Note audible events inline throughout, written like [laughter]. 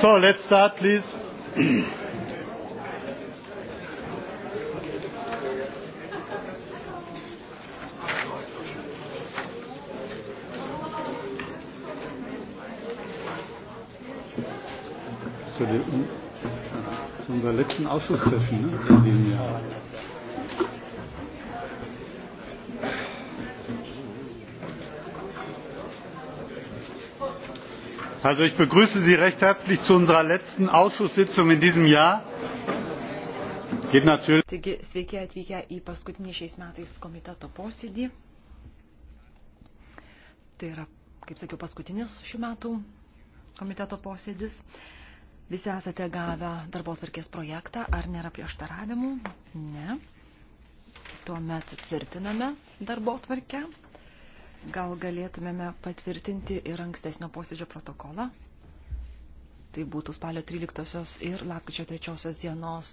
So, let's start, please. Zu, den, äh, zu unserer letzten Ausschusssession ne, in diesem Jahr. Also ich begrüße Sie recht herzlich zu unserer letzten Ausschusssitzung in diesem Jahr. Geht natürlich. Taigi, sveiki atvykę į paskutinį šiais metais komiteto posėdį. Tai yra, kaip sakiau, paskutinis šių metų komiteto posėdis. Visi esate gavę darbo atvarkės projektą, ar nėra prieštaravimų? Ne. Tuomet tvirtiname darbo atvarkę. Gal galėtumėme patvirtinti ir ankstesnio posėdžio protokolą? Tai būtų spalio 13 ir lapkričio 3 dienos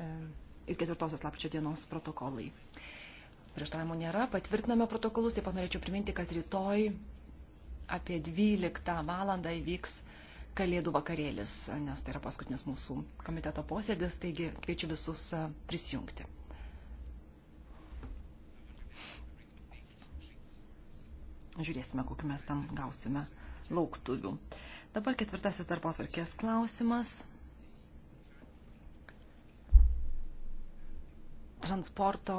e, ir 4 lapkričio dienos protokolai. Prieštaravimų nėra, patvirtiname protokolus, taip pat norėčiau priminti, kad rytoj apie 12 valandą įvyks kalėdų vakarėlis, nes tai yra paskutinis mūsų komiteto posėdis, taigi kviečiu visus e, prisijungti. Žiūrėsime, kokiu mes tam gausime lauktuvių. Dabar ketvirtasis darbos varkės klausimas. Transporto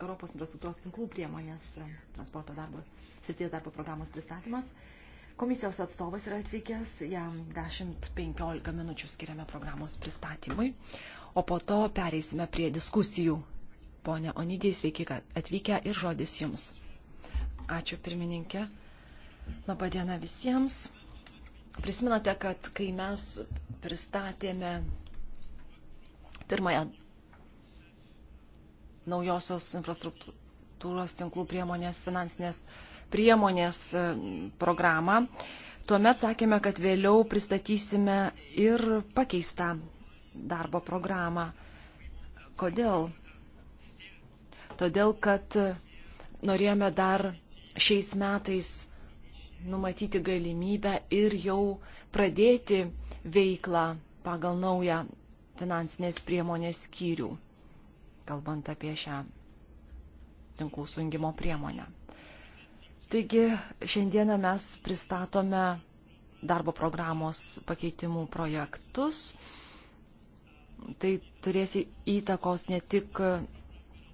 Europos infrastruktūros tinklų priemonės transporto darbo, srities darbo programos pristatymas. Komisijos atstovas yra atvykęs, jam 10-15 minučių skiriame programos pristatymui, o po to pereisime prie diskusijų Pone Onidijai, sveiki, kad atvykę ir žodis jums. Ačiū pirmininkė. Labadiena visiems. Prisiminate, kad kai mes pristatėme pirmąją naujosios infrastruktūros tinklų priemonės, finansinės priemonės e, programą, tuomet sakėme, kad vėliau pristatysime ir pakeistą darbo programą. Kodėl? todėl kad norėjome dar šiais metais numatyti galimybę ir jau pradėti veiklą pagal naują finansinės priemonės skyrių, kalbant apie šią tinklų sungimo priemonę. Taigi šiandieną mes pristatome darbo programos pakeitimų projektus. Tai turės įtakos ne tik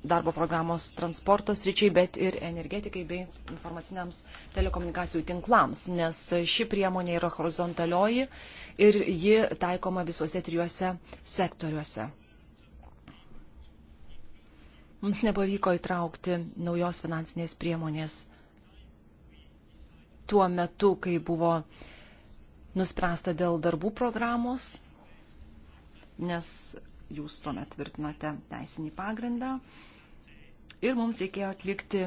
darbo programos transportos ryčiai, bet ir energetikai bei informaciniams telekomunikacijų tinklams, nes ši priemonė yra horizontalioji ir ji taikoma visuose trijuose sektoriuose. Mums nepavyko įtraukti naujos finansinės priemonės tuo metu, kai buvo nuspręsta dėl darbų programos, nes jūs tuomet tvirtinote teisinį pagrindą ir mums reikėjo atlikti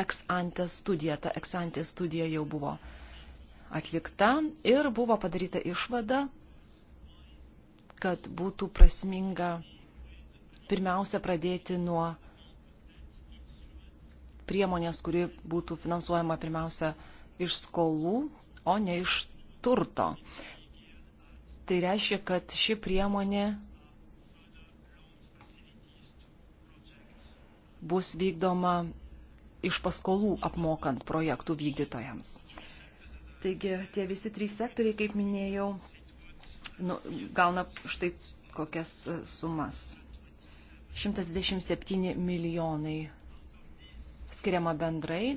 ex ante studiją. Ta ex ante studija jau buvo atlikta ir buvo padaryta išvada, kad būtų prasminga pirmiausia pradėti nuo priemonės, kuri būtų finansuojama pirmiausia iš skolų, o ne iš turto. Tai reiškia, kad ši priemonė bus vykdoma iš paskolų apmokant projektų vykdytojams. Taigi tie visi trys sektoriai, kaip minėjau, nu, gauna štai kokias e, sumas. 127 milijonai skiriama bendrai,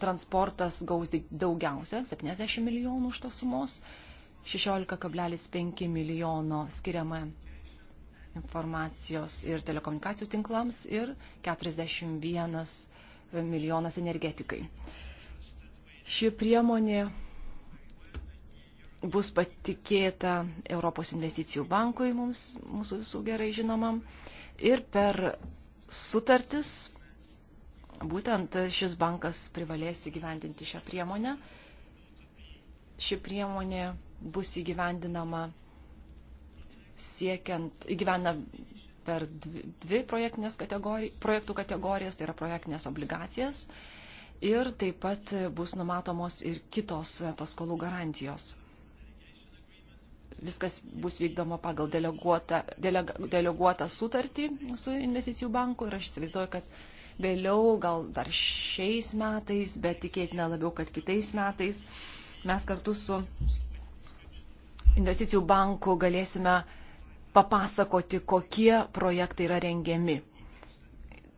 transportas gaus daugiausia, 70 milijonų už tos sumos, 16,5 milijono skiriama informacijos ir telekomunikacijų tinklams ir 41 milijonas energetikai. Ši priemonė bus patikėta Europos investicijų bankui, mums, mūsų visų gerai žinomam, ir per sutartis būtent šis bankas privalės įgyvendinti šią priemonę. Ši priemonė bus įgyvendinama siekiant įgyvena per dvi, dvi projektinės kategori, projektų kategorijas, tai yra projektinės obligacijas ir taip pat bus numatomos ir kitos paskolų garantijos. Viskas bus vykdoma pagal deleguotą, delega, deleguotą sutartį su investicijų banku ir aš įsivaizduoju, kad vėliau, gal dar šiais metais, bet tikėtina labiau, kad kitais metais mes kartu su investicijų banku galėsime uh, papasakoti, kokie projektai yra rengiami.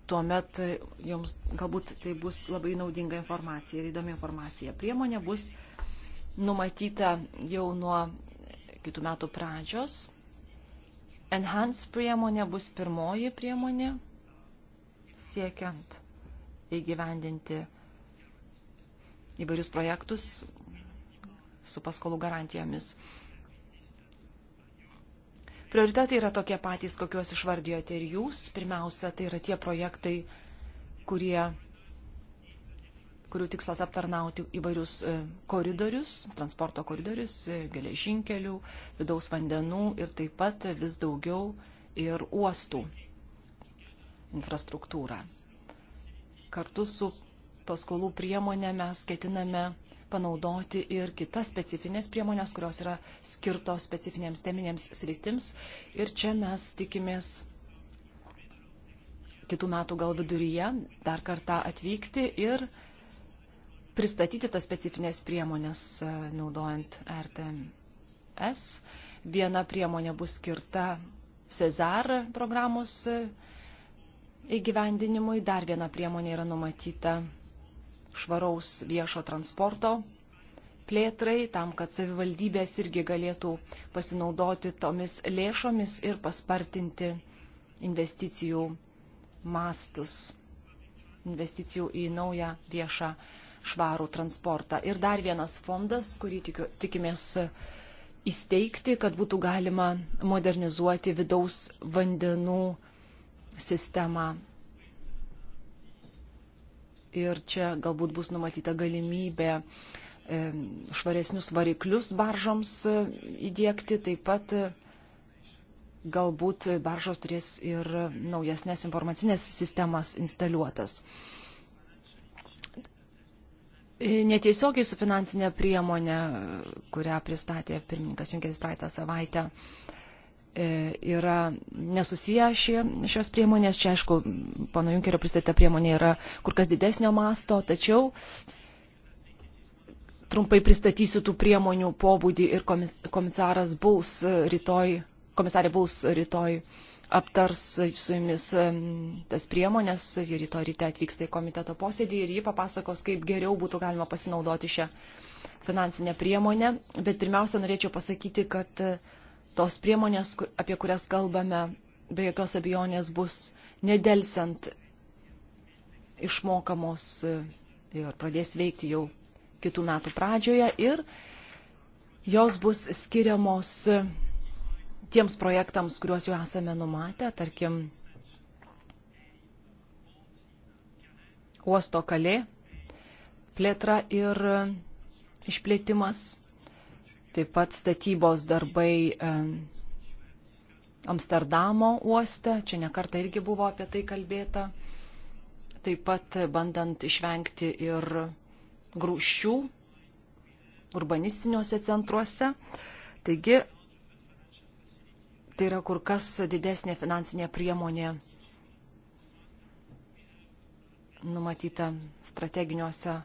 Tuomet e, jums galbūt tai bus labai naudinga informacija ir įdomi informacija. Priemonė bus numatyta jau nuo kitų metų pradžios. Enhance priemonė bus pirmoji priemonė siekiant įgyvendinti įvairius projektus su paskolų garantijomis. Prioritetai yra tokie patys, kokiuos išvardijote ir jūs. Pirmiausia, tai yra tie projektai, kurie, kurių tikslas aptarnauti įvairius e, koridorius, transporto koridorius, e, geležinkelių, vidaus vandenų ir taip pat vis daugiau ir uostų infrastruktūrą. Kartu su paskolų priemonė mes ketiname panaudoti ir kitas specifinės priemonės, kurios yra skirtos specifinėms teminėms sritims. Ir čia mes tikimės kitų metų gal viduryje dar kartą atvykti ir pristatyti tas specifinės priemonės e, naudojant RTMS. Viena priemonė bus skirta Cezar programos e, įgyvendinimui, dar viena priemonė yra numatyta švaraus viešo transporto plėtrai, tam, kad savivaldybės irgi galėtų pasinaudoti tomis lėšomis ir paspartinti investicijų mastus, investicijų į naują viešą švarų transportą. Ir dar vienas fondas, kurį tikiu, tikimės įsteigti, kad būtų galima modernizuoti vidaus vandenų sistemą ir čia galbūt bus numatyta galimybė e, švaresnius variklius baržoms e, įdėkti, taip pat e, galbūt baržos turės ir naujasnės informacinės sistemas instaliuotas. Netiesiogiai su finansinė priemonė, kurią pristatė pirmininkas Junkeris praeitą savaitę, uh, E, yra nesusiję šie, šios priemonės. Čia, aišku, pano Junkerio pristatyta priemonė yra kur kas didesnio masto, tačiau trumpai pristatysiu tų priemonių pobūdį ir komisaras Buls rytoj, komisarė Buls rytoj aptars su jumis tas priemonės, ji rytoj ryte atvyksta į komiteto posėdį ir ji papasakos, kaip geriau būtų galima pasinaudoti šią finansinę priemonę. Bet pirmiausia, norėčiau pasakyti, kad tos priemonės, apie kurias kalbame, be jokios abejonės bus nedelsiant išmokamos e, ir pradės veikti jau kitų metų pradžioje ir jos bus skiriamos e, tiems projektams, kuriuos jau esame numatę, tarkim, uosto kalė, plėtra ir e, išplėtimas taip pat statybos darbai Amsterdamo uoste, čia nekarta irgi buvo apie tai kalbėta, taip pat bandant išvengti ir grūščių urbanistiniuose centruose. Taigi, tai yra kur kas didesnė finansinė priemonė numatyta strateginiuose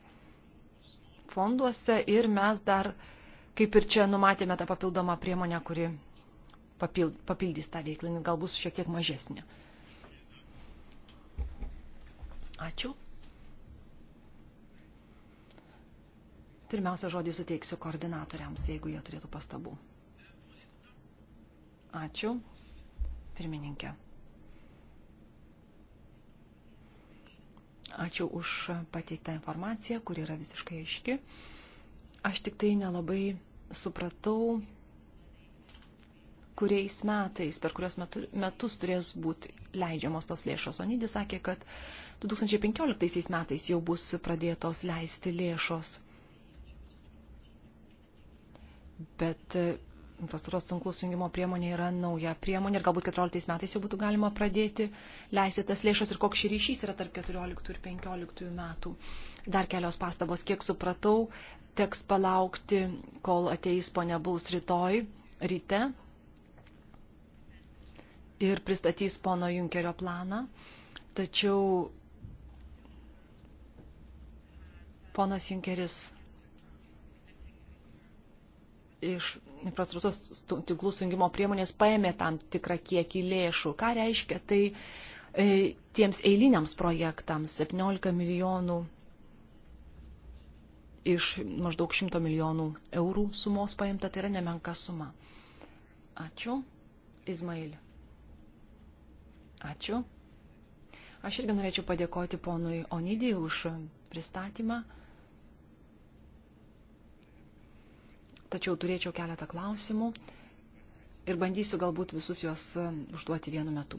fonduose ir mes dar Kaip ir čia numatėme tą papildomą priemonę, kuri papildys tą veiklinį, gal bus šiek tiek mažesnė. Ačiū. Pirmiausia, žodį suteiksiu koordinatoriams, jeigu jie turėtų pastabų. Ačiū. Pirmininkė. Ačiū už pateiktą informaciją, kuri yra visiškai aiški. Aš tik tai nelabai supratau, kuriais metais, per kurios metu, metus turės būti leidžiamos tos lėšos. Onydis sakė, kad 2015 metais jau bus pradėtos leisti lėšos. Bet e, infrastruktūros tinklų sujungimo priemonė yra nauja priemonė ir galbūt 14 metais jau būtų galima pradėti leisti tas lėšas ir koks šį ryšys yra tarp 14 ir 15 metų. Dar kelios pastabos, kiek supratau, teks palaukti, kol ateis ponia Buls rytoj ryte ir pristatys pono Junkerio planą. Tačiau ponas Junkeris iš infrastruktūros tinklų sujungimo priemonės paėmė tam tikrą kiekį lėšų. Ką reiškia tai e, tiems eiliniams projektams 17 milijonų iš maždaug 100 milijonų eurų sumos paimta, tai yra nemenka suma. Ačiū. Izmailį. Ačiū. Aš irgi norėčiau padėkoti ponui Onidį už pristatymą. Tačiau turėčiau keletą klausimų ir bandysiu galbūt visus juos e, užduoti vienu metu.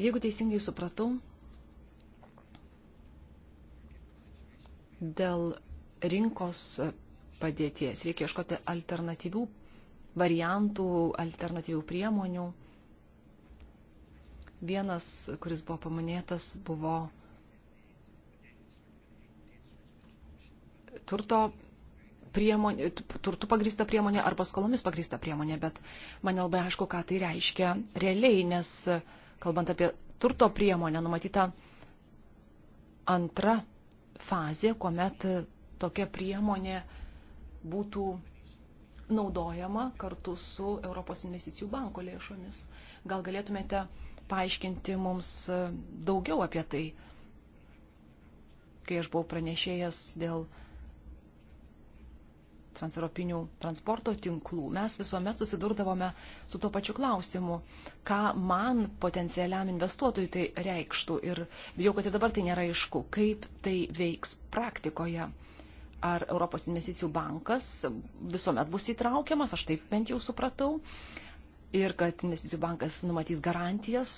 Jeigu teisingai supratau, dėl rinkos padėties. Reikia ieškoti alternatyvių variantų, alternatyvių priemonių. Vienas, kuris buvo paminėtas, buvo turto priemonė, turtų pagrįsta priemonė arba skolomis pagrįsta priemonė, bet man labai aišku, ką tai reiškia realiai, nes kalbant apie turto priemonę, numatyta antra fazė, kuomet tokia priemonė būtų naudojama kartu su Europos investicijų banko lėšomis. Gal galėtumėte paaiškinti mums e, daugiau apie tai, kai aš buvau pranešėjęs dėl transeuropinių transporto tinklų. Mes visuomet susidurdavome su tuo pačiu klausimu, ką man potencialiam investuotojui tai reikštų. Ir bijau, kad ir dabar tai nėra aišku, kaip tai veiks praktikoje ar Europos investicijų bankas visuomet bus įtraukiamas, aš taip bent jau supratau, ir kad investicijų bankas numatys garantijas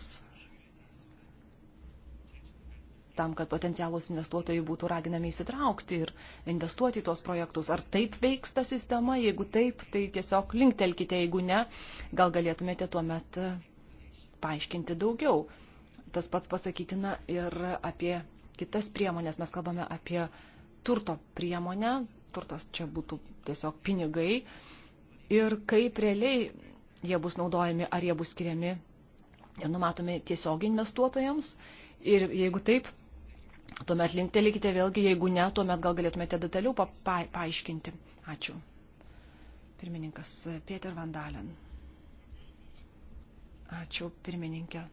tam, kad potencialus investuotojai būtų raginami įsitraukti ir investuoti į tuos projektus. Ar taip veiks ta sistema? Jeigu taip, tai tiesiog linktelkite, jeigu ne, gal galėtumėte tuomet paaiškinti daugiau. Tas pats pasakytina ir apie kitas priemonės. Mes kalbame apie uh, turto priemonę, turtas čia būtų tiesiog pinigai, ir kaip realiai jie bus naudojami, ar jie bus skiriami ir numatomi tiesiog investuotojams. Ir jeigu taip, tuomet linktelikite vėlgi, jeigu ne, tuomet gal galėtumėte detaliau pa pa paaiškinti. Ačiū. Pirmininkas Pieter Vandalen. Ačiū, pirmininkė.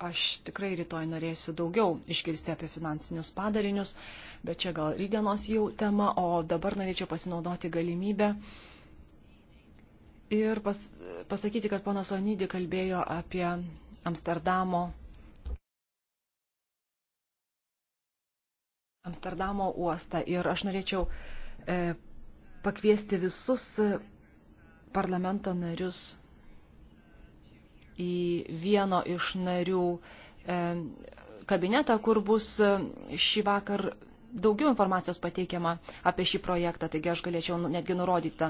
aš tikrai rytoj norėsiu daugiau išgirsti apie finansinius padarinius, bet čia gal rydienos jau tema, o dabar norėčiau pasinaudoti galimybę ir pas, pasakyti, kad ponas Onydį kalbėjo apie Amsterdamo. Amsterdamo uostą ir aš norėčiau e, pakviesti visus parlamento narius į vieno iš narių e, kabinetą, kur bus e, šį vakar daugiau informacijos pateikiama apie šį projektą, taigi aš galėčiau nu, netgi nurodyta,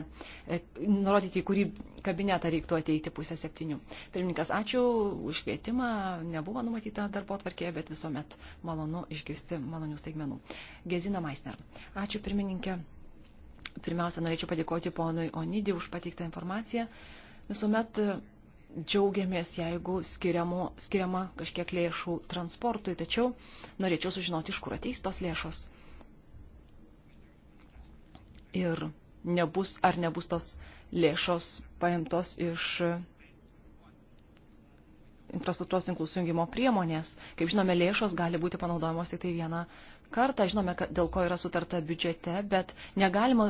e, nurodyti, į kurį kabinetą reiktų ateiti pusę septynių. Pirmininkas, ačiū už kvietimą, nebuvo numatyta darbo atvarkėje, bet visuomet malonu išgirsti malonių staigmenų. Gezina Maisner, ačiū pirmininkė. Pirmiausia, norėčiau padėkoti ponui Onidį už pateiktą informaciją. Visuomet džiaugiamės, jeigu skiriamo, skiriama kažkiek lėšų transportui, tačiau norėčiau sužinoti, iš kur ateis tos lėšos. Ir nebus, ar nebus tos lėšos paimtos iš infrastruktūros tinklų sujungimo priemonės. Kaip žinome, lėšos gali būti panaudojamos tik tai vieną kartą, žinome, kad, dėl ko yra sutarta biudžete, bet negalima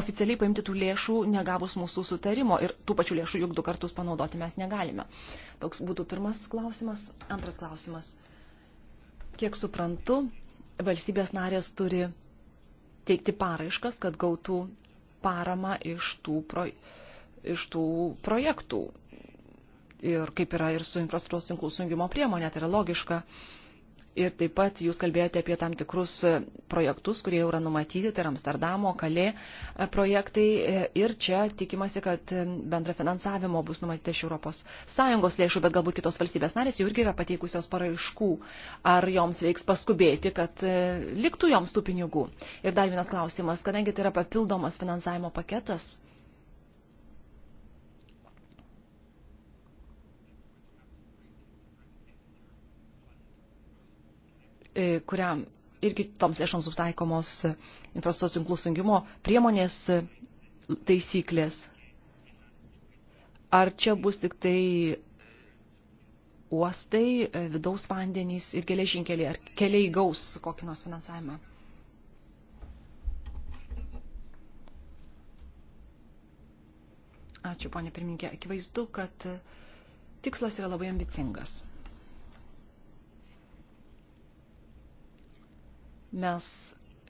oficialiai paimti tų lėšų, negavus mūsų sutarimo ir tų pačių lėšų juk du kartus panaudoti mes negalime. Toks būtų pirmas klausimas. Antras klausimas. Kiek suprantu, valstybės narės turi teikti paraiškas, kad gautų paramą iš tų, pro, iš tų projektų. Ir kaip yra ir su infrastruktūros tinklų sujungimo priemonė, tai yra logiška. Uh, Ir taip pat jūs kalbėjote apie tam tikrus e, projektus, kurie jau yra numatyti, tai yra Amsterdamo, Kalė e, projektai. E, ir čia tikimasi, kad bendra finansavimo bus numatyta iš ES lėšų, bet galbūt kitos valstybės narės jau irgi yra pateikusios paraiškų, ar joms reiks paskubėti, kad liktų joms tų pinigų. Ir dar vienas klausimas, kadangi tai yra papildomas finansavimo paketas, E, kuriam irgi toms lėšoms bus taikomos infrastruktūros tinklų sujungimo priemonės e, taisyklės. Ar čia bus tik tai uostai, e, vidaus vandenys ir geležinkeliai, ar keliai gaus kokį nors finansavimą? Ačiū, ponė pirminkė. Akivaizdu, kad tikslas yra labai ambicingas. Mes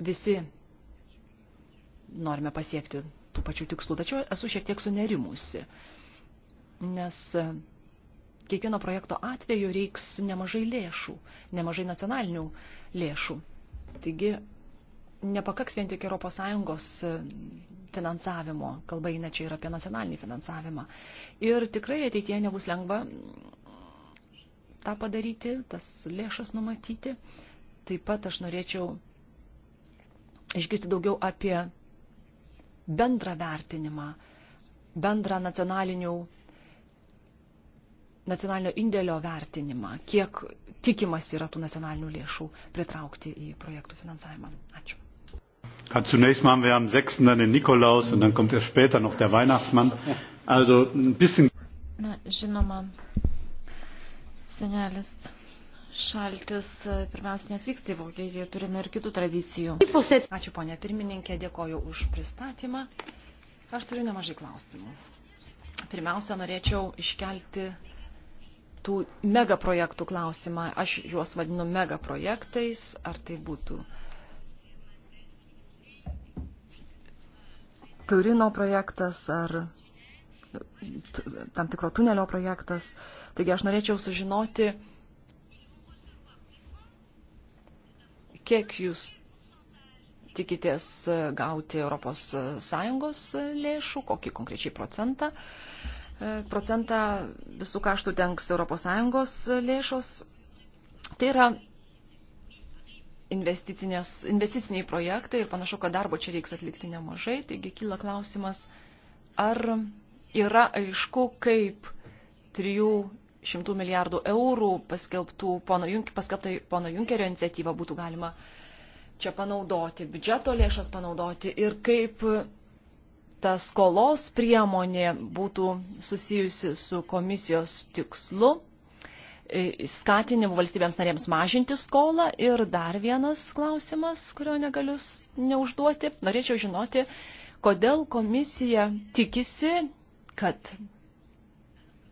visi norime pasiekti tų pačių tikslų, tačiau esu šiek tiek sunerimusi, nes kiekvieno projekto atveju reiks nemažai lėšų, nemažai nacionalinių lėšų. Taigi nepakaks vien tik ES finansavimo, kalba eina čia ir apie nacionalinį finansavimą. Ir tikrai ateitie nebus lengva tą padaryti, tas lėšas numatyti. Taip pat aš norėčiau išgirsti daugiau apie bendrą vertinimą, bendrą nacionalinių nacionalinio indėlio vertinimą, kiek tikimas yra tų nacionalinių lėšų pritraukti į projektų finansavimą. Ačiū. Zunächst machen wir am 6. dann den Nikolaus und dann kommt ja später noch der Weihnachtsmann. Also ein bisschen. Na, žinoma, senelis Šaltis pirmiausia netvyksta į Vokietiją, turime ir kitų tradicijų. Ačiū ponė pirmininkė, dėkoju už pristatymą. Aš turiu nemažai klausimų. Pirmiausia, norėčiau iškelti tų megaprojektų klausimą. Aš juos vadinu megaprojektais, ar tai būtų Turino projektas ar tam tikro tunelio projektas. Taigi aš norėčiau sužinoti, kiek jūs tikitės gauti ES lėšų, kokį konkrečiai procentą. E, procentą visų kaštų dengs ES lėšos. Tai yra investiciniai projektai ir panašu, kad darbo čia reiks atlikti nemažai. Taigi kyla klausimas, ar yra aišku, kaip trijų 100 milijardų eurų paskelbtų pono, Junk, paskelbtai pono Junkerio iniciatyvą būtų galima čia panaudoti, biudžeto lėšas panaudoti ir kaip ta skolos priemonė būtų susijusi su komisijos tikslu e, skatinimu valstybėms narėms mažinti skolą. Ir dar vienas klausimas, kurio negaliu neužduoti. Norėčiau žinoti, kodėl komisija tikisi, kad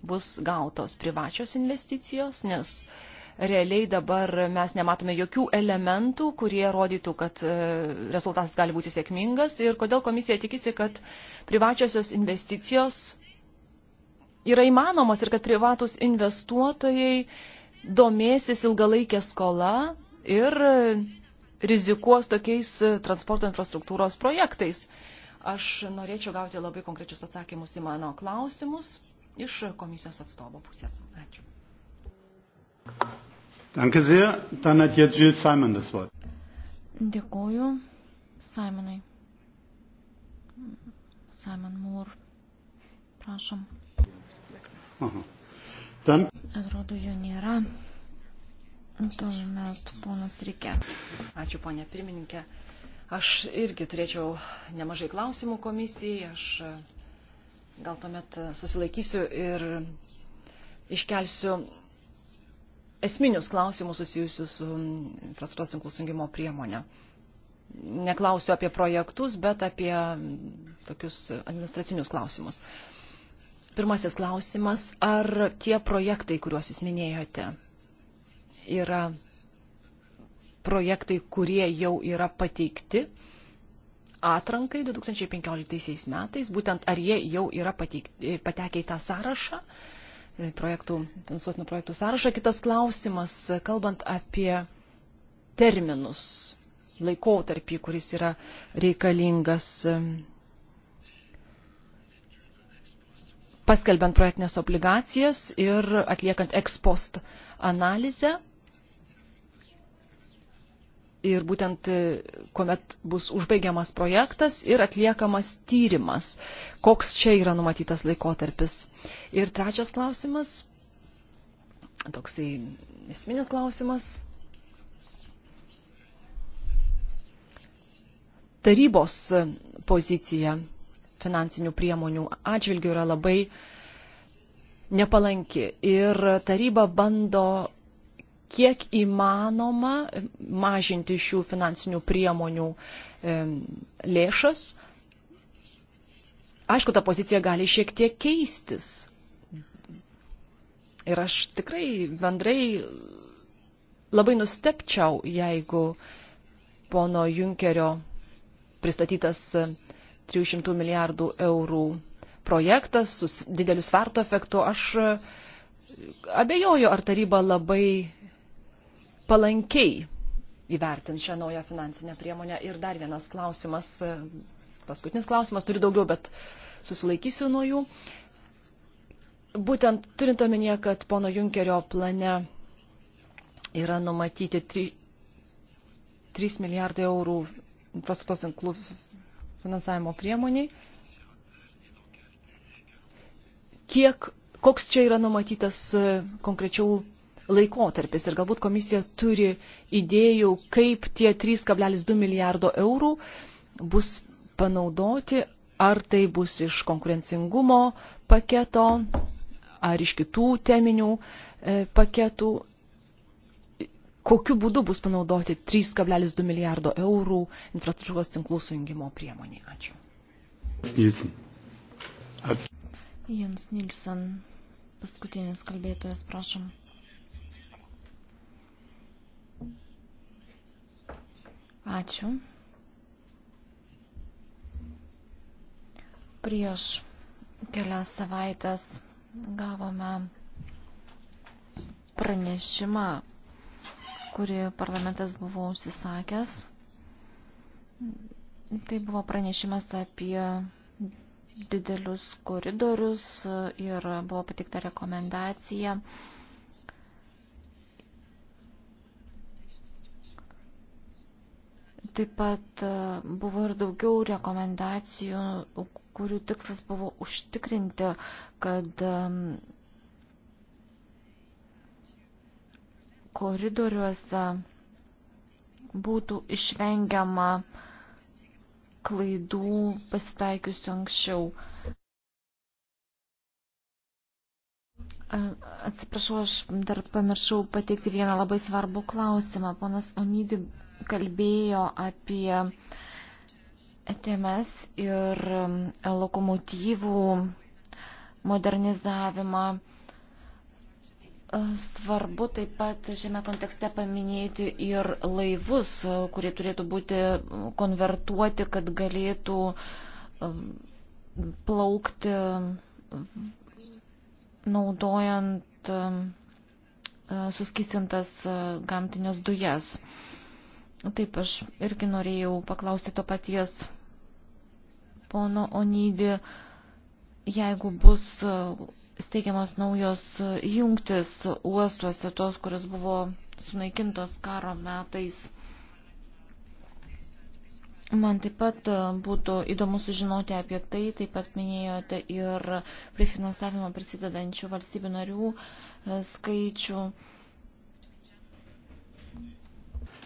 bus gautos privačios investicijos, nes realiai dabar mes nematome jokių elementų, kurie rodytų, kad e, rezultatas gali būti sėkmingas ir kodėl komisija tikisi, kad privačiosios investicijos yra įmanomos ir kad privatus investuotojai domėsis ilgalaikė skola ir rizikuos tokiais transporto infrastruktūros projektais. Aš norėčiau gauti labai konkrečius atsakymus į mano klausimus iš komisijos atstovo pusės. Ačiū. Danke sehr. Dann hat jetzt Jill Simon das Wort. Dėkuoju Simonai. Simon Moore. Prašom. Aha. Ten. Atrodo, jo nėra. Tuomet ponas Rikė. Ačiū, ponė pirmininkė. Aš irgi turėčiau nemažai klausimų komisijai. Aš Gal tuomet e, susilaikysiu ir iškelsiu esminius klausimus susijusius su infrastruktūros tinklų sungimo priemonė. Neklausiu apie projektus, bet apie tokius administracinius klausimus. Pirmasis klausimas, ar tie projektai, kuriuos jūs minėjote, yra projektai, kurie jau yra pateikti atrankai 2015 metais, būtent ar jie jau yra pateikti, patekę į tą sąrašą, e, projektų, finansuotinų projektų sąrašą. Kitas klausimas, kalbant apie terminus, laikotarpį, kuris yra reikalingas e, paskelbiant projektinės obligacijas ir atliekant ekspost analizę ir būtent e, kuomet bus užbaigiamas projektas ir atliekamas tyrimas, koks čia yra numatytas laikotarpis. Ir trečias klausimas, toksai esminis klausimas. Tarybos pozicija finansinių priemonių atžvilgių yra labai nepalanki ir taryba bando kiek įmanoma mažinti šių finansinių priemonių lėšas. Aišku, ta pozicija gali šiek tiek keistis. Ir aš tikrai bendrai labai nustepčiau, jeigu pono Junkerio pristatytas 300 milijardų eurų projektas su dideliu svarto efektu, aš abejoju, ar taryba labai palankiai įvertins šią naują finansinę priemonę. Ir dar vienas klausimas, e, paskutinis klausimas, turiu daugiau, bet susilaikysiu nuo jų. Būtent turint omenyje, kad pono Junkerio plane yra numatyti 3, 3 milijardai eurų infrastruktūros tinklų finansavimo priemoniai. Kiek, koks čia yra numatytas e, konkrečių laikotarpis ir galbūt komisija turi idėjų, kaip tie 3,2 milijardo eurų bus panaudoti, ar tai bus iš konkurencingumo paketo, ar iš kitų teminių e, paketų, kokiu būdu bus panaudoti 3,2 milijardo eurų infrastruktūros tinklų sujungimo priemoniai. Ačiū. Nilsen. Jens Nilsen, paskutinis kalbėtojas, prašom. Ačiū. Prieš kelias savaitės gavome pranešimą, kurį parlamentas buvo užsisakęs. Tai buvo pranešimas apie didelius koridorius ir buvo patikta rekomendacija Taip pat e, buvo ir daugiau rekomendacijų, kurių tikslas buvo užtikrinti, kad koridoriuose būtų išvengiama klaidų pasitaikiusių anksčiau. E, atsiprašau, aš dar pamiršau pateikti vieną labai svarbų klausimą. Ponas Onydį kalbėjo apie e TMS ir um, lokomotyvų modernizavimą. Uh, svarbu taip pat šiame kontekste paminėti ir laivus, uh, kurie turėtų būti um, konvertuoti, kad galėtų um, plaukti naudojant uh, suskistintas gamtinės dujas. Yes Taip, aš irgi norėjau paklausti to paties pono Onydį, jeigu bus e, steigiamas naujos e, jungtis uostuose, tos, kuris buvo sunaikintos karo metais. Man taip pat e, būtų įdomu sužinoti apie tai, taip pat minėjote ir prie finansavimo prisidedančių valstybių narių skaičių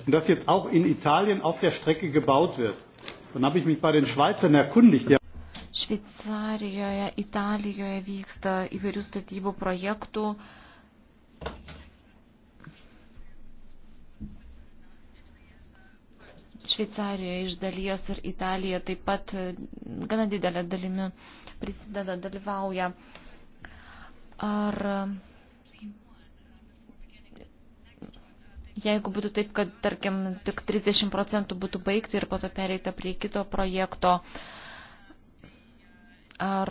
und das jetzt auch in Italien auf der Strecke gebaut wird. Dann habe ich mich bei den Schweizern erkundigt. Ja. Šveicarijoje, Italijoje vyksta įvairių statybų projektų. Šveicarijoje iš dalies ir Italija taip pat e, gana didelė dalimi prisideda, dalyvauja. Ar Jeigu būtų taip, kad, tarkim, tik 30 procentų būtų baigti ir po to pereita prie kito projekto, ar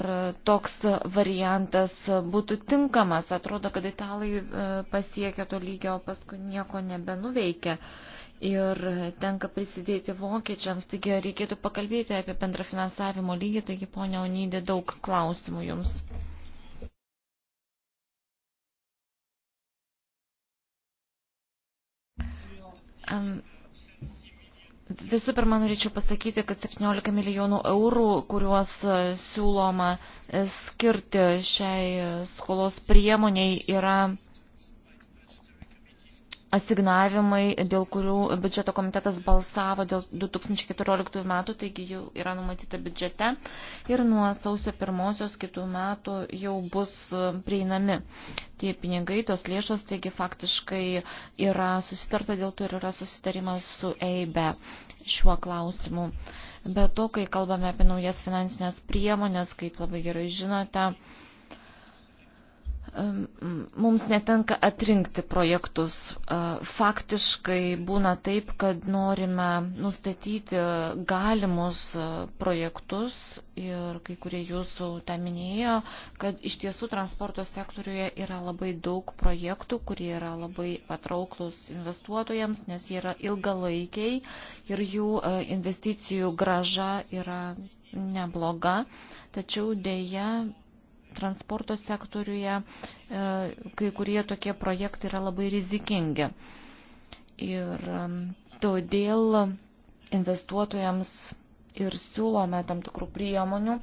toks variantas būtų tinkamas? Atrodo, kad italai e, pasiekia to lygio, o paskui nieko nebenuveikia ir tenka prisidėti vokiečiams, taigi reikėtų pakalbėti apie bendrą finansavimo lygį, taigi ponia Onydė, daug klausimų jums. Visų pirma, norėčiau pasakyti, kad 17 milijonų eurų, kuriuos e, siūloma e, skirti šiai skolos priemoniai, yra asignavimai, dėl kurių biudžeto komitetas balsavo dėl 2014 metų, taigi jau yra numatyta biudžete ir nuo sausio pirmosios kitų metų jau bus e, prieinami tie pinigai, tos lėšos, taigi faktiškai yra susitarta dėl to ir yra susitarimas su EIB šiuo klausimu. Be to, kai kalbame apie naujas finansinės priemonės, kaip labai gerai žinote, mums netenka atrinkti projektus. Faktiškai būna taip, kad norime nustatyti galimus projektus ir kai kurie jūsų tą minėjo, kad iš tiesų transporto sektoriuje yra labai daug projektų, kurie yra labai patrauklus investuotojams, nes jie yra ilgalaikiai ir jų investicijų graža yra nebloga, tačiau dėja transporto sektoriuje e, kai kurie tokie projektai yra labai rizikingi. Ir todėl investuotojams ir siūlome tam tikrų priemonių,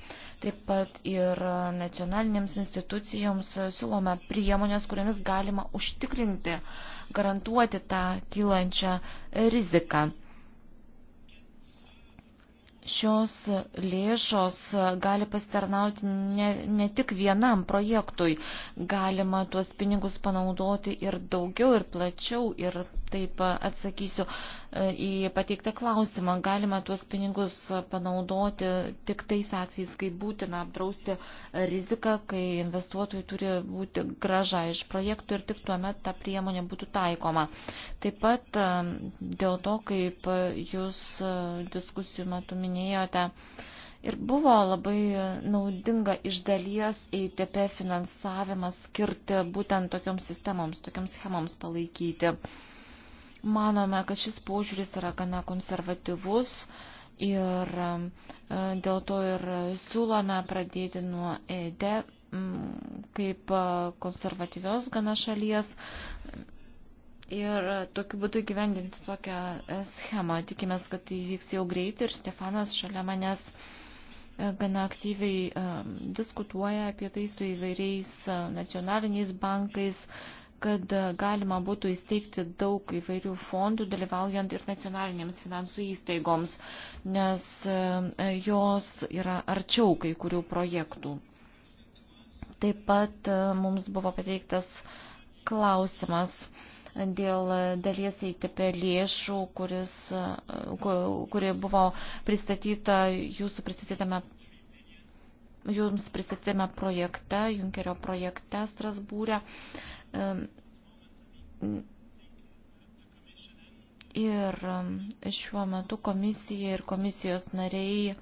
taip pat ir nacionalinėms institucijoms siūlome priemonės, kuriamis galima užtikrinti, garantuoti tą kylančią riziką šios lėšos gali pasitarnauti ne, ne tik vienam projektui, galima tuos pinigus panaudoti ir daugiau ir plačiau ir taip atsakysiu į pateiktą klausimą. Galima tuos pinigus panaudoti tik tais atvejais, kai būtina apdrausti riziką, kai investuotojai turi būti graža iš projektų ir tik tuomet ta priemonė būtų taikoma. Taip pat dėl to, kaip jūs e, diskusijų metu minėjote, Ir buvo labai naudinga iš dalies EITP finansavimą skirti būtent tokioms sistemoms, tokioms schemoms palaikyti. Uh, Manome, kad šis požiūris yra gana konservatyvus ir e, dėl to ir siūlome pradėti nuo ED kaip e, konservatyvios gana šalies ir tokiu būdu gyvendinti tokią e, schemą. Tikimės, kad tai vyks jau greitai ir Stefanas šalia manęs gana aktyviai diskutuoja apie tai su įvairiais nacionaliniais bankais, kad e, galima būtų įsteigti daug įvairių fondų, dalyvaujant ir nacionalinėms finansų įstaigoms, nes e, e, jos yra arčiau kai kurių projektų. Taip pat mums buvo pateiktas klausimas dėl dalies EITP lėšų, kuris, kuri buvo pristatyta jūsų pristatytame jums pristatėme projekte, Junkerio projekte Strasbūrė. Ir šiuo metu komisija ir komisijos nariai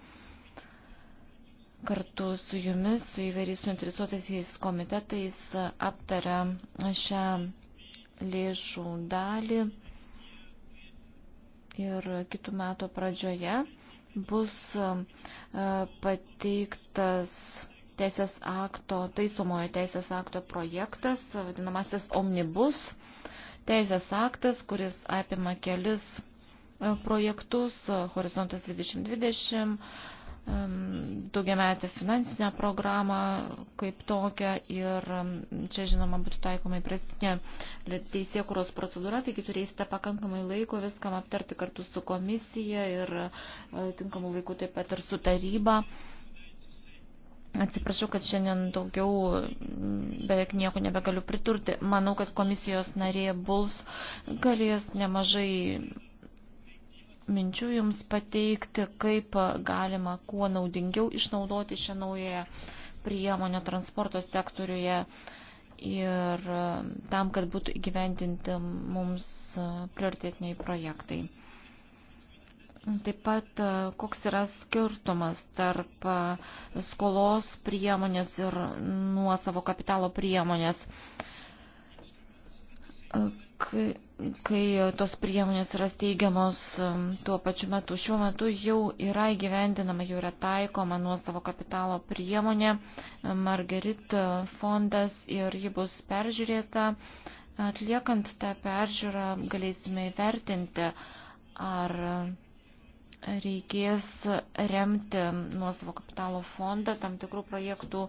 kartu su jumis, su įvairiais suinteresuotaisiais komitetais aptarė šią lėšų dalį ir kitų metų pradžioje bus e, pateiktas teisės akto, taisomojo teisės akto projektas, vadinamasis omnibus teisės aktas, kuris apima kelis e, projektus Horizontas 2020, daugiametę finansinę programą kaip tokią ir čia žinoma būtų taikoma įprastinė teisėkuros procedūra, taigi turėsite pakankamai laiko viskam aptarti kartu su komisija ir e, tinkamų laikų taip pat ir su taryba. Atsiprašau, kad šiandien daugiau beveik nieko nebegaliu priturti. Manau, kad komisijos narė Buls galės nemažai minčių jums pateikti, kaip galima kuo naudingiau išnaudoti šią naują priemonę transporto sektoriuje ir um, tam, kad būtų įgyvendinti mums uh, prioritetiniai projektai. Taip pat, uh, koks yra skirtumas tarp uh, skolos priemonės ir nuosavo kapitalo priemonės. Kai kai tos priemonės yra steigiamos um, tuo pačiu metu. Šiuo metu jau yra įgyvendinama, jau yra taikoma nuosavo kapitalo priemonė, um, Margarit uh, fondas ir ji bus peržiūrėta. Atliekant tą peržiūrą galėsime įvertinti, ar uh, reikės remti nuosavo kapitalo fondą tam tikrų projektų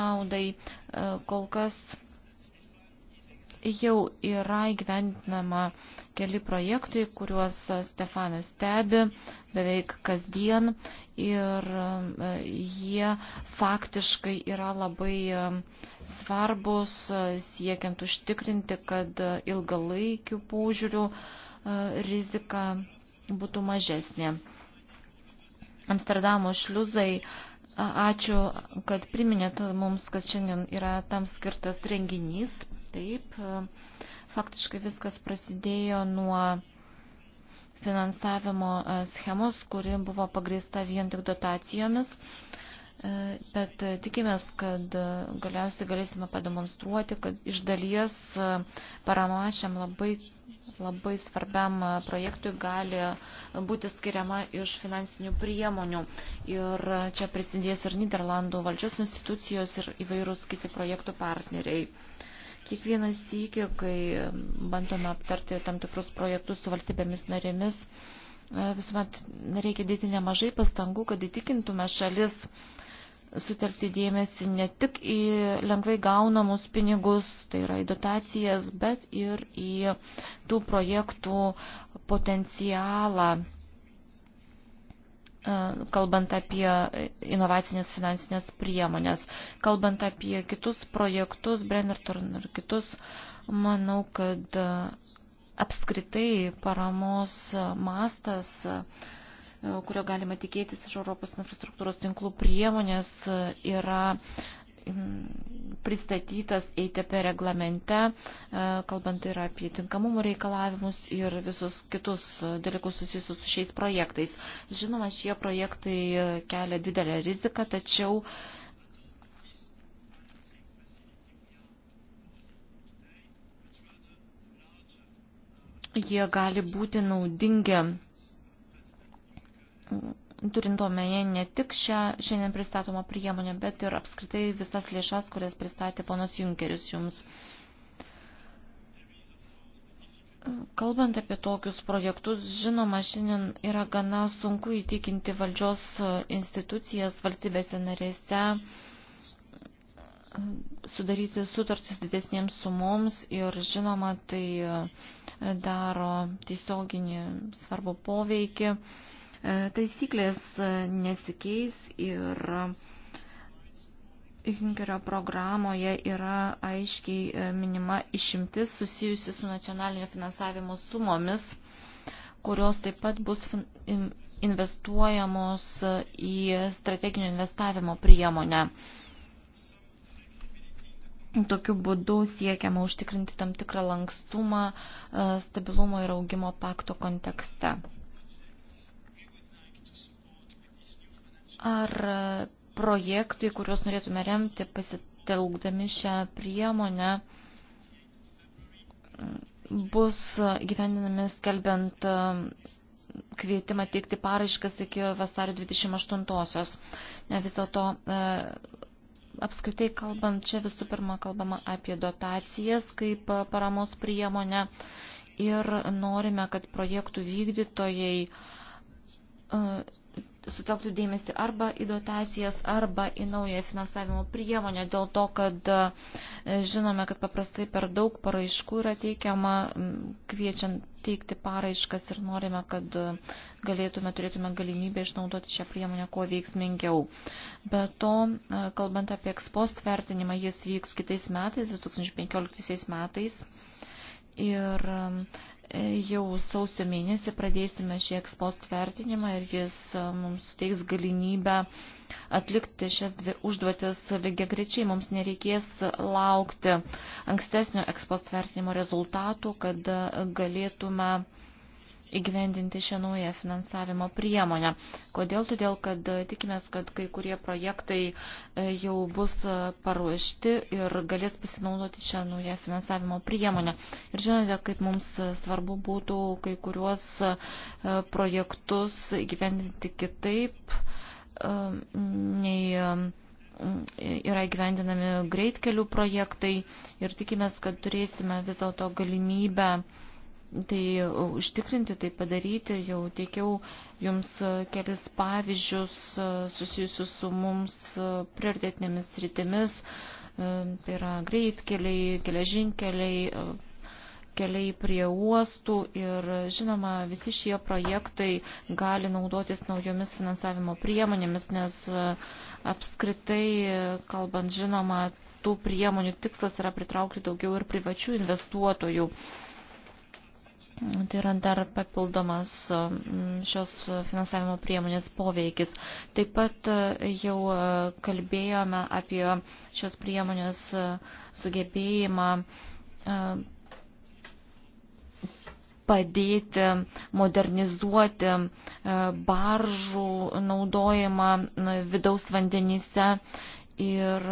naudai. Uh, kol kas Jau yra įgyvendinama keli projektai, kuriuos Stefanas stebi beveik kasdien ir e, jie faktiškai yra labai e, svarbus e, siekiant užtikrinti, kad ilgalaikių požiūrių rizika būtų mažesnė. Amsterdamo šliuzai Ačiū, kad priminėt mums, kad šiandien yra tam skirtas renginys. Taip, e, faktiškai viskas prasidėjo nuo finansavimo e, schemos, kuri buvo pagrįsta vien tik dotacijomis. E, bet tikimės, kad galiausiai galėsime pademonstruoti, kad iš dalies parama šiam labai, labai svarbiam projektui gali būti skiriama iš finansinių priemonių. Ir čia prisidės ir Niderlandų valdžios institucijos ir įvairūs kiti projektų partneriai. Kiekvienas sykį, kai bandome aptarti tam tikrus projektus su valstybėmis narėmis, e, visuomet reikia dėti nemažai pastangų, kad įtikintume šalis sutelkti dėmesį ne tik į lengvai gaunamus pinigus, tai yra į dotacijas, bet ir į tų projektų potencialą E, kalbant apie inovacinės finansinės priemonės, kalbant apie kitus projektus, Brennerton ir kitus, manau, kad e, apskritai paramos mastas, e, kurio galima tikėtis iš Europos infrastruktūros tinklų priemonės, yra pristatytas EITP reglamente, e, kalbant ir apie tinkamumo reikalavimus ir visus kitus dalykus susijusius su šiais projektais. Žinoma, šie projektai kelia didelę riziką, tačiau jie gali būti naudingi turint omenyje ne tik šią šiandien pristatomą priemonę, bet ir apskritai visas lėšas, kurias pristatė ponas Junkeris jums. Kalbant apie tokius projektus, žinoma, šiandien yra gana sunku įtikinti valdžios institucijas valstybėse narėse sudaryti sutartis didesniems sumoms ir žinoma, tai daro tiesioginį svarbų poveikį. E, taisyklės e, nesikeis ir Junkerio programoje yra aiškiai e, minima išimtis susijusi su nacionalinio finansavimo sumomis, kurios taip pat bus investuojamos į strateginio investavimo priemonę. Tokiu būdu siekiama užtikrinti tam tikrą lankstumą stabilumo ir augimo pakto kontekste. Ar e, projektai, kuriuos norėtume remti pasitelkdami šią priemonę, bus gyvendinami skelbiant e, kvietimą teikti paraiškas iki vasario 28-osios. Vis dėlto, e, apskritai kalbant, čia visų pirma kalbama apie dotacijas kaip paramos priemonę ir norime, kad projektų vykdytojai sutelktų dėmesį arba į dotacijas, arba į naują finansavimo priemonę, dėl to, kad e, žinome, kad paprastai per daug paraiškų yra teikiama, kviečiant teikti paraiškas ir norime, kad e, galėtume, turėtume galimybę išnaudoti šią priemonę kuo veiksmingiau. Be to, e, kalbant apie ekspost vertinimą, jis vyks kitais metais, 2015 metais. Ir Jau sausio mėnesį pradėsime šį ekspost vertinimą ir jis e, mums suteiks galimybę atlikti šias dvi užduotis lygiai grečiai. Mums nereikės laukti ankstesnio ekspost vertinimo rezultatų, kad e, galėtume įgyvendinti šią naują finansavimo priemonę. Kodėl? Todėl, kad e, tikimės, kad kai kurie projektai e, jau bus e, paruošti ir galės pasinaudoti šią naują finansavimo priemonę. Ir žinote, kaip mums svarbu būtų kai kuriuos projektus įgyvendinti kitaip nei yra įgyvendinami greitkelių projektai ir tikimės, kad turėsime vis dėlto galimybę uh, tai uh, užtikrinti, tai padaryti. Jau teikiau jums uh, kelis pavyzdžius uh, susijusius su mums prioritetinėmis rytimis. Tai yra greitkeliai, geležinkeliai, keliai prie uostų ir žinoma visi šie projektai gali naudotis naujomis finansavimo priemonėmis, nes apskritai, kalbant žinoma, tų priemonių tikslas yra pritraukti daugiau ir privačių investuotojų. Uh, Tai yra dar papildomas mm, šios finansavimo priemonės poveikis. Taip pat e, jau e, kalbėjome apie šios priemonės e, sugebėjimą padėti modernizuoti baržų naudojimą vidaus vandenyse. Ir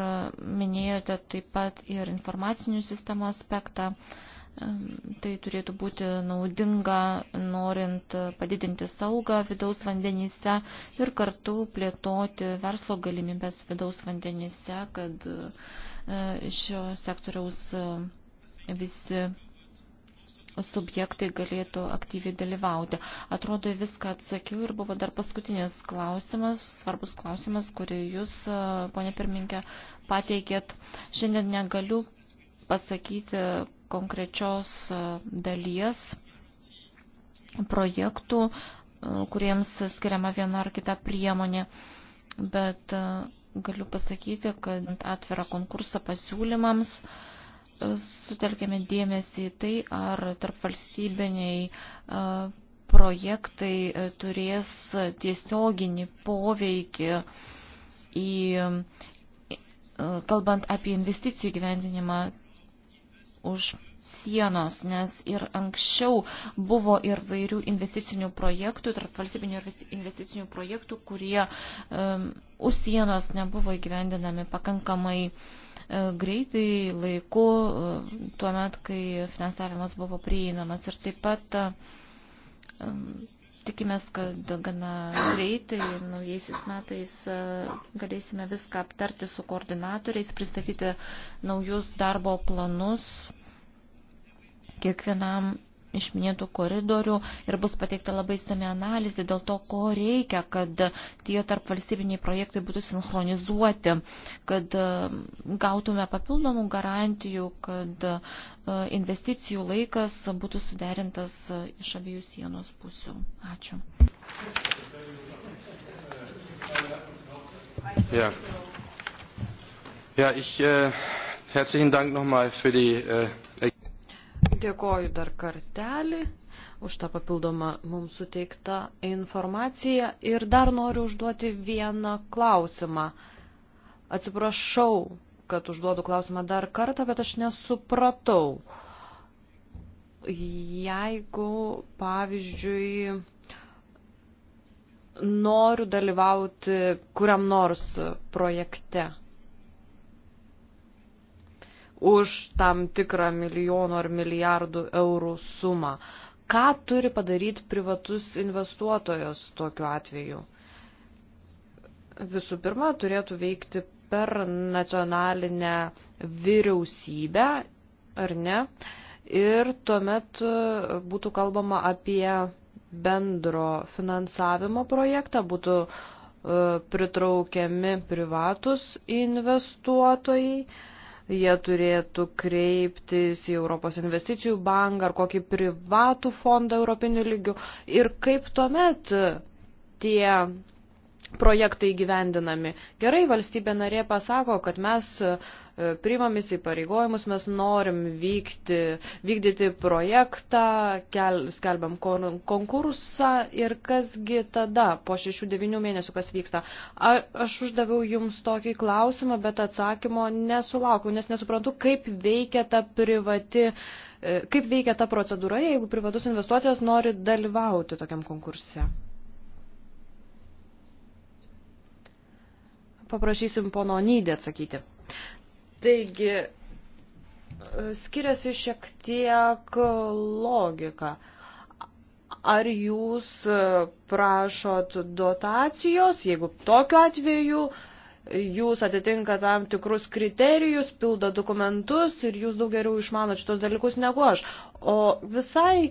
minėjote taip pat ir informacinių sistemų aspektą. Uh, Tai turėtų būti naudinga, norint padidinti saugą vidaus vandenyse ir kartu plėtoti verslo galimybės vidaus vandenyse, kad e, šio sektoriaus e, visi subjektai galėtų aktyviai dalyvauti. Atrodo, viską atsakiau ir buvo dar paskutinis klausimas, svarbus klausimas, kurį jūs, e, ponė pirminkė, pateikėt. Šiandien negaliu pasakyti konkrečios e, dalies projektų, e, kuriems skiriama viena ar kita priemonė, bet e, galiu pasakyti, kad atvira konkursą pasiūlymams sutelkėme dėmesį į tai, ar tarp valstybiniai projektai turės tiesioginį poveikį į, kalbant apie investicijų gyvendinimą už sienos, nes ir anksčiau buvo ir vairių investicinių projektų, tarp valstybinių investicinių projektų, kurie um, už sienos nebuvo įgyvendinami pakankamai uh, greitai, laiku, uh, tuomet, kai finansavimas buvo prieinamas. Ir taip pat uh, um, Tikimės, kad gana greitai, naujaisiais metais e, galėsime viską aptarti su koordinatoriais, pristatyti naujus darbo planus kiekvienam išminėtų koridorių ir bus pateikta labai sami analizė dėl to, ko reikia, kad tie tarp valstybiniai projektai būtų sinchronizuoti, kad um, gautume papildomų garantijų, kad uh, investicijų laikas būtų suderintas uh, iš abiejų sienos pusių. Ačiū. Ja. Ja, ich, äh, herzlichen Dank nochmal für die äh, Dėkoju dar kartelį už tą papildomą mums suteiktą informaciją ir dar noriu užduoti vieną klausimą. Atsiprašau, kad užduodu klausimą dar kartą, bet aš nesupratau. Jeigu, pavyzdžiui, noriu dalyvauti kuriam nors projekte, už tam tikrą milijonų ar milijardų eurų sumą. Ką turi padaryti privatus investuotojas tokiu atveju? Visų pirma, turėtų veikti per nacionalinę vyriausybę, ar ne? Ir tuomet e, būtų kalbama apie bendro finansavimo projektą, būtų e, pritraukiami privatus investuotojai jie turėtų kreiptis į Europos investicijų banką ar kokį privatų fondą europinių lygių ir kaip tuomet tie projektai gyvendinami. Gerai, valstybė narė pasako, kad mes primam įsipareigojimus, mes norim vykti, vykdyti projektą, kel, skelbiam konkursą ir kasgi tada po 6-9 mėnesių kas vyksta. A, aš uždaviau jums tokį klausimą, bet atsakymo nesulaukiu, nes nesuprantu, kaip veikia ta privati. E, kaip veikia ta procedūra, jeigu privatus investuotojas nori dalyvauti tokiam konkurse? Paprašysim pono Nydį atsakyti. Taigi, e, skiriasi šiek tiek logika. Ar jūs e, prašot dotacijos, jeigu tokiu atveju e, jūs atitinka tam tikrus kriterijus, pildo dokumentus ir jūs daug geriau išmanot šitos dalykus negu aš. O visai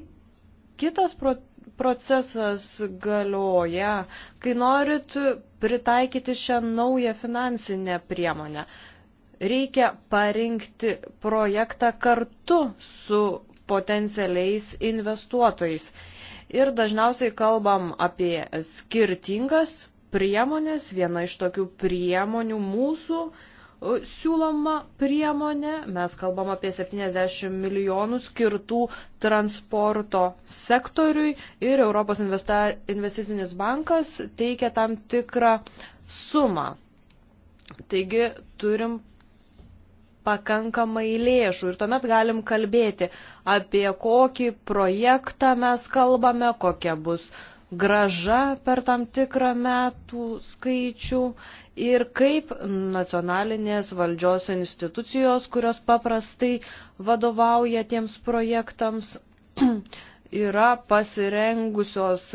kitas pro procesas galioja, kai norit pritaikyti šią naują finansinę priemonę. Uh, Reikia parinkti projektą kartu su potencialiais investuotojais. Ir dažniausiai kalbam apie skirtingas priemonės. Viena iš tokių priemonių mūsų e, siūloma priemonė. Mes kalbam apie 70 milijonų skirtų transporto sektoriui ir Europos investicinis bankas teikia tam tikrą sumą. Taigi turim pakankamai lėšų. Ir tuomet galim kalbėti, apie kokį projektą mes kalbame, kokia bus graža per tam tikrą metų skaičių ir kaip nacionalinės valdžios institucijos, kurios paprastai vadovauja tiems projektams, [clears throat] yra pasirengusios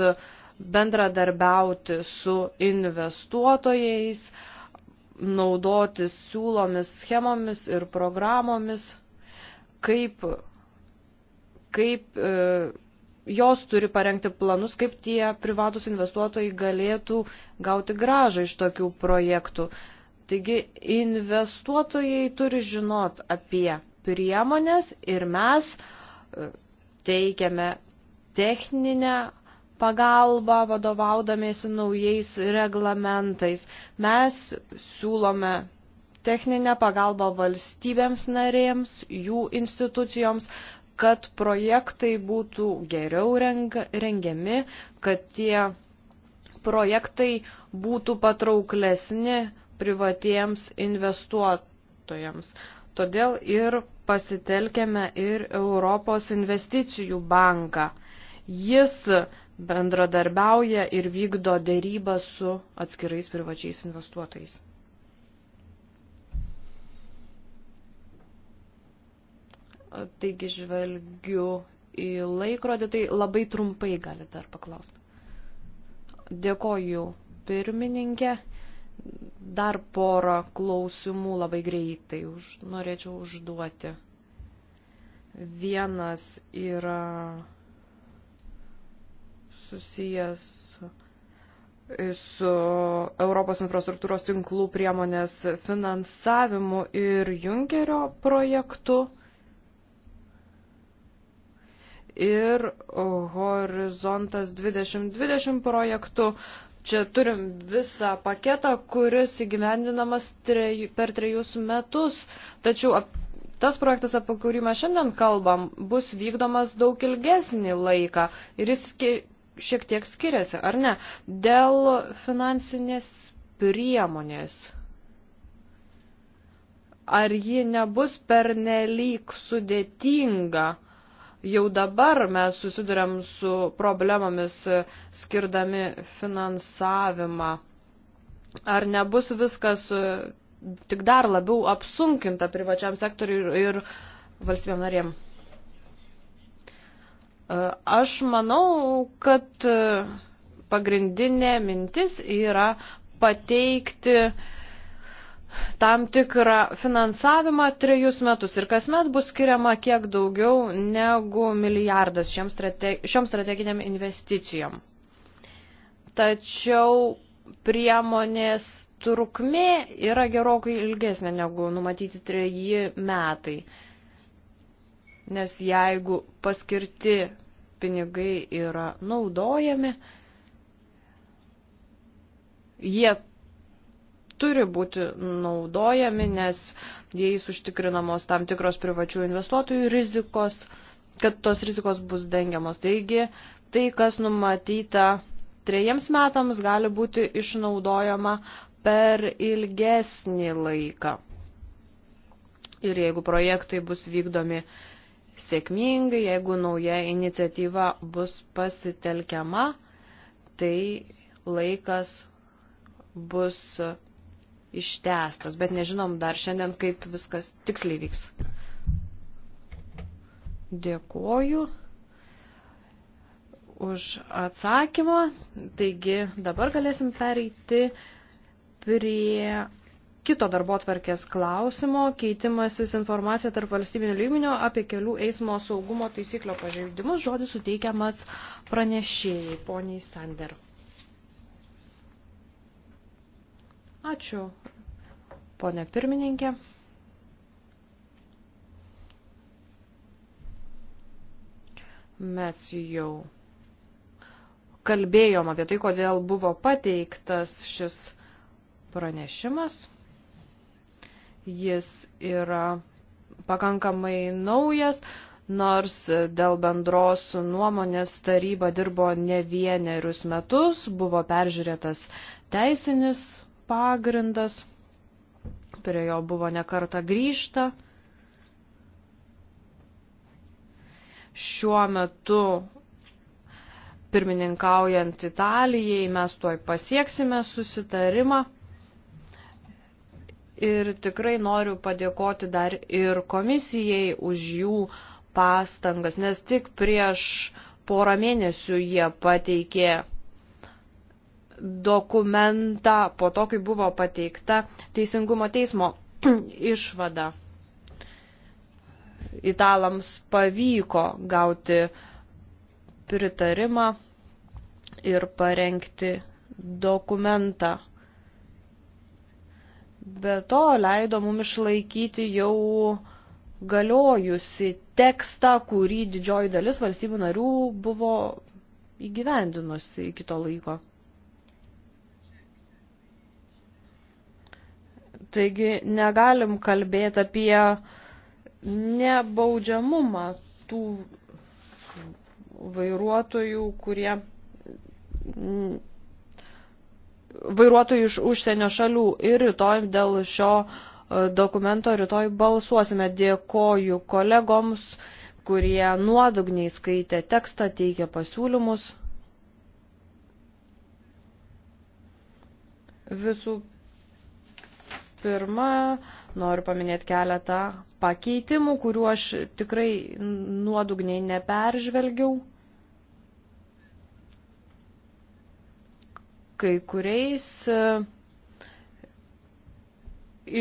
bendradarbiauti su investuotojais, uh, naudotis siūlomis schemomis ir programomis, kaip, kaip e, jos turi parengti planus, kaip tie privatus investuotojai galėtų gauti gražą iš tokių projektų. Taigi investuotojai turi žinot apie priemonės ir mes e, teikiame techninę pagalba, vadovaudamėsi naujais reglamentais. Mes siūlome techninę pagalbą valstybėms narėms, jų institucijoms, kad projektai būtų geriau rengiami, kad tie projektai būtų patrauklesni privatiems investuotojams. Todėl ir pasitelkėme ir Europos investicijų banką. Jis uh, bendradarbiauja ir vykdo dėrybą su atskirais privačiais investuotojais. Taigi žvelgiu į laikrodį, tai labai trumpai gali dar paklausti. Dėkoju pirmininkė. Dar porą klausimų labai greitai už, norėčiau užduoti. Vienas yra susijęs su Europos infrastruktūros tinklų priemonės finansavimu ir Junkerio projektu ir Horizontas 2020 projektu. Čia turim visą paketą, kuris įgyvendinamas treju, per trejus metus, tačiau ap, tas projektas, apie kurį mes šiandien kalbam, bus vykdomas daug ilgesnį laiką ir jis šiek tiek skiriasi, ar ne? Dėl finansinės priemonės. Ar ji nebus pernelyg sudėtinga? Jau dabar mes susidurėm su problemomis skirdami finansavimą. Ar nebus viskas e, tik dar labiau apsunkinta privačiam sektoriui ir valstybėm narėm? E, aš manau, kad e, pagrindinė mintis yra pateikti tam tikrą finansavimą trejus metus ir kasmet bus skiriama kiek daugiau negu milijardas šiom, strate, šiom strateginiam investicijom. Tačiau priemonės trukmė yra gerokai ilgesnė negu numatyti treji metai nes jeigu paskirti pinigai yra naudojami, jie turi būti naudojami, nes jais užtikrinamos tam tikros privačių investuotojų rizikos, kad tos rizikos bus dengiamos. Taigi, tai, kas numatyta trejiems metams, gali būti išnaudojama per ilgesnį laiką. Ir jeigu projektai bus vykdomi sėkmingai, jeigu nauja iniciatyva bus pasitelkiama, tai laikas bus ištestas, bet nežinom dar šiandien, kaip viskas tiksliai vyks. Dėkuoju už atsakymą. Taigi dabar galėsim pereiti prie kito darbo tvarkės klausimo - keitimasis informacija tarp valstybinio lygminio apie kelių eismo saugumo taisyklių pažeidimus. Žodis suteikiamas pranešėjai, poniai Sander. Ačiū, ponė pirmininkė. Mes jau kalbėjom apie tai, kodėl buvo pateiktas šis pranešimas. Jis yra pakankamai naujas, nors dėl bendros nuomonės taryba dirbo ne vienerius metus, buvo peržiūrėtas teisinis pagrindas, prie jo buvo nekarta grįžta. Šiuo metu pirmininkaujant Italijai mes tuoj pasieksime susitarimą. Ir tikrai noriu padėkoti dar ir komisijai už jų pastangas, nes tik prieš porą mėnesių jie pateikė dokumentą po to, kai buvo pateikta Teisingumo teismo [clears throat] išvada. Italams pavyko gauti pritarimą ir parengti dokumentą be to leido mum išlaikyti jau galiojusi tekstą, kurį didžioji dalis valstybių narių buvo įgyvendinusi iki to laiko. Taigi negalim kalbėti apie nebaudžiamumą tų vairuotojų, kurie vairuotojų iš užsienio šalių ir rytoj dėl šio e, dokumento rytoj balsuosime. Dėkoju kolegoms, kurie nuodugniai skaitė tekstą, teikė pasiūlymus. Visų pirma, noriu paminėti keletą pakeitimų, kuriuo aš tikrai nuodugniai neperžvelgiau. kai kuriais e,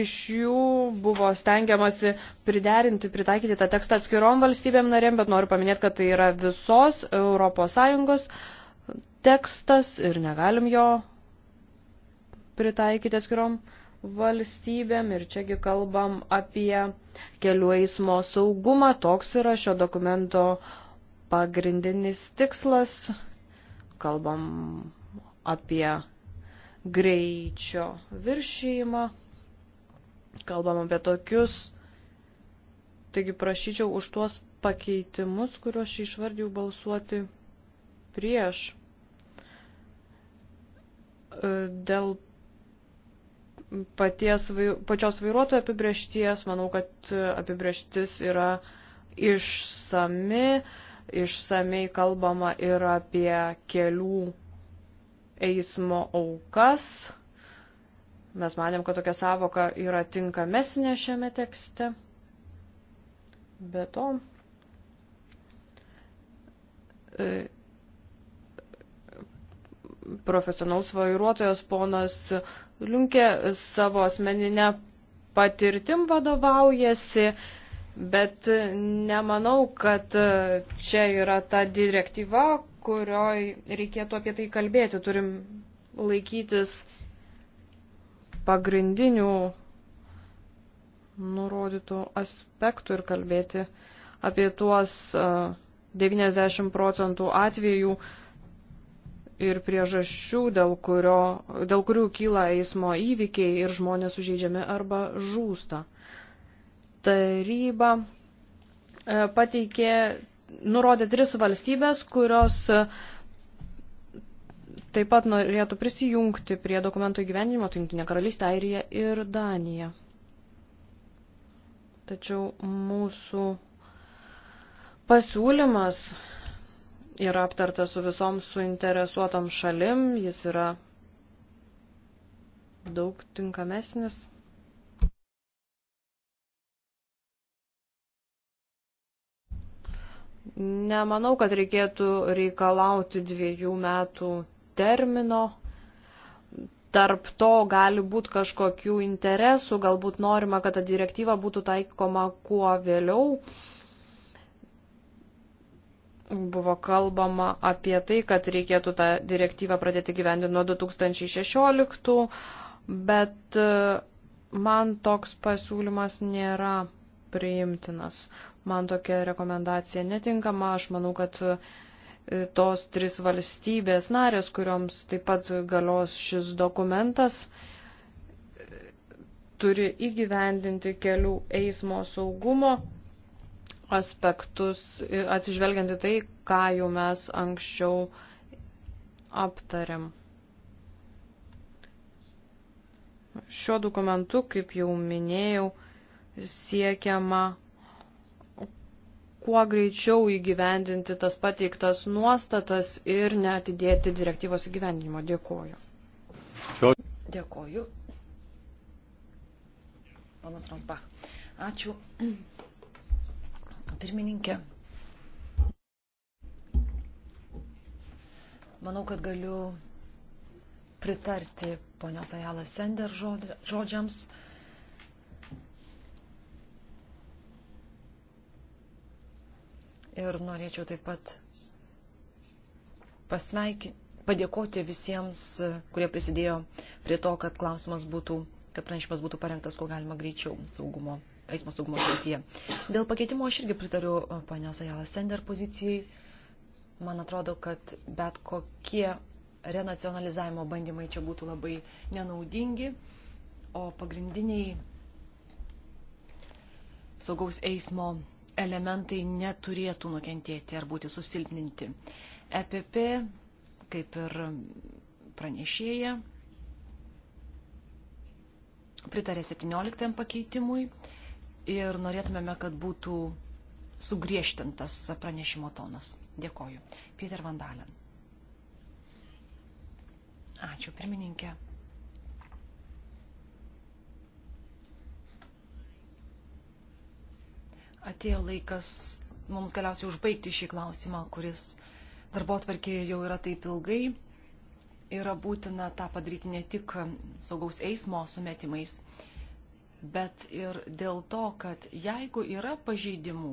iš jų buvo stengiamasi priderinti, pritaikyti tą tekstą atskirom valstybėm narėm, bet noriu paminėti, kad tai yra visos ES tekstas ir negalim jo pritaikyti atskirom valstybėm. Ir čiagi kalbam apie kelių eismo saugumą. Toks yra šio dokumento pagrindinis tikslas. Kalbam apie greičio viršijimą, kalbam apie tokius. Taigi prašyčiau už tuos pakeitimus, kuriuos šį išvardijau balsuoti prieš. E, dėl paties, pačios vairuotojo apibriešties, manau, kad apibrieštis yra išsami, išsamei kalbama ir apie kelių eismo aukas. Mes manėm, kad tokia savoka yra tinkamesnė šiame tekste. Be to, e, profesionalus vairuotojas ponas Liunkė savo asmeninę patirtim vadovaujasi, bet nemanau, kad čia yra ta direktyva, kurioj reikėtų apie tai kalbėti. Turim laikytis pagrindinių nurodytų aspektų ir kalbėti apie tuos 90 procentų atvejų ir priežasčių, dėl, kurio, dėl kurių kyla eismo įvykiai ir žmonės sužeidžiami arba žūsta. Taryba e, pateikė nurodė tris valstybės, kurios taip pat norėtų prisijungti prie dokumentų įgyvendinimo, tai Junktinė karalystė, Airija ir Danija. Tačiau mūsų pasiūlymas yra aptartas su visom suinteresuotom šalim, jis yra daug tinkamesnis. Nemanau, kad reikėtų reikalauti dviejų metų termino. Tarp to gali būti kažkokių interesų, galbūt norima, kad ta direktyva būtų taikoma kuo vėliau. Buvo kalbama apie tai, kad reikėtų tą direktyvą pradėti gyvendinti nuo 2016, bet e, man toks pasiūlymas nėra priimtinas. Man tokia rekomendacija netinkama. Aš manau, kad e, tos tris valstybės narės, kurioms taip pat galios šis dokumentas, turi įgyvendinti kelių eismo saugumo aspektus, atsižvelgianti tai, ką jau mes anksčiau aptariam. Šiuo dokumentu, kaip jau minėjau, siekiama kuo greičiau įgyvendinti tas pateiktas nuostatas ir neatidėti direktyvos įgyvendinimo. Dėkuoju. Dėkuoju. Panas Ransbach. Ačiū. Pirmininkė. Manau, kad galiu pritarti ponios Ajalas Sender žodžiams. Žodži Ir norėčiau taip pat pasveikinti padėkoti visiems, kurie prisidėjo prie to, kad klausimas būtų, kad pranešimas būtų parengtas, kuo galima greičiau saugumo, eismo saugumo srityje. Dėl pakeitimo aš irgi pritariu panios Ajala Sender pozicijai. Man atrodo, kad bet kokie renacionalizavimo bandymai čia būtų labai nenaudingi, o pagrindiniai saugaus eismo elementai neturėtų nukentėti ar būti susilpninti. EPP, kaip ir pranešėja, pritarė 17 pakeitimui ir norėtumėme, kad būtų sugriežtintas pranešimo tonas. Dėkoju. Peter Vandalen. Ačiū, pirmininkė. atėjo laikas mums galiausiai užbaigti šį klausimą, kuris darbo atvarkėje jau yra taip ilgai. Yra būtina tą padaryti ne tik saugaus eismo sumetimais, bet ir dėl to, kad jeigu yra pažeidimų,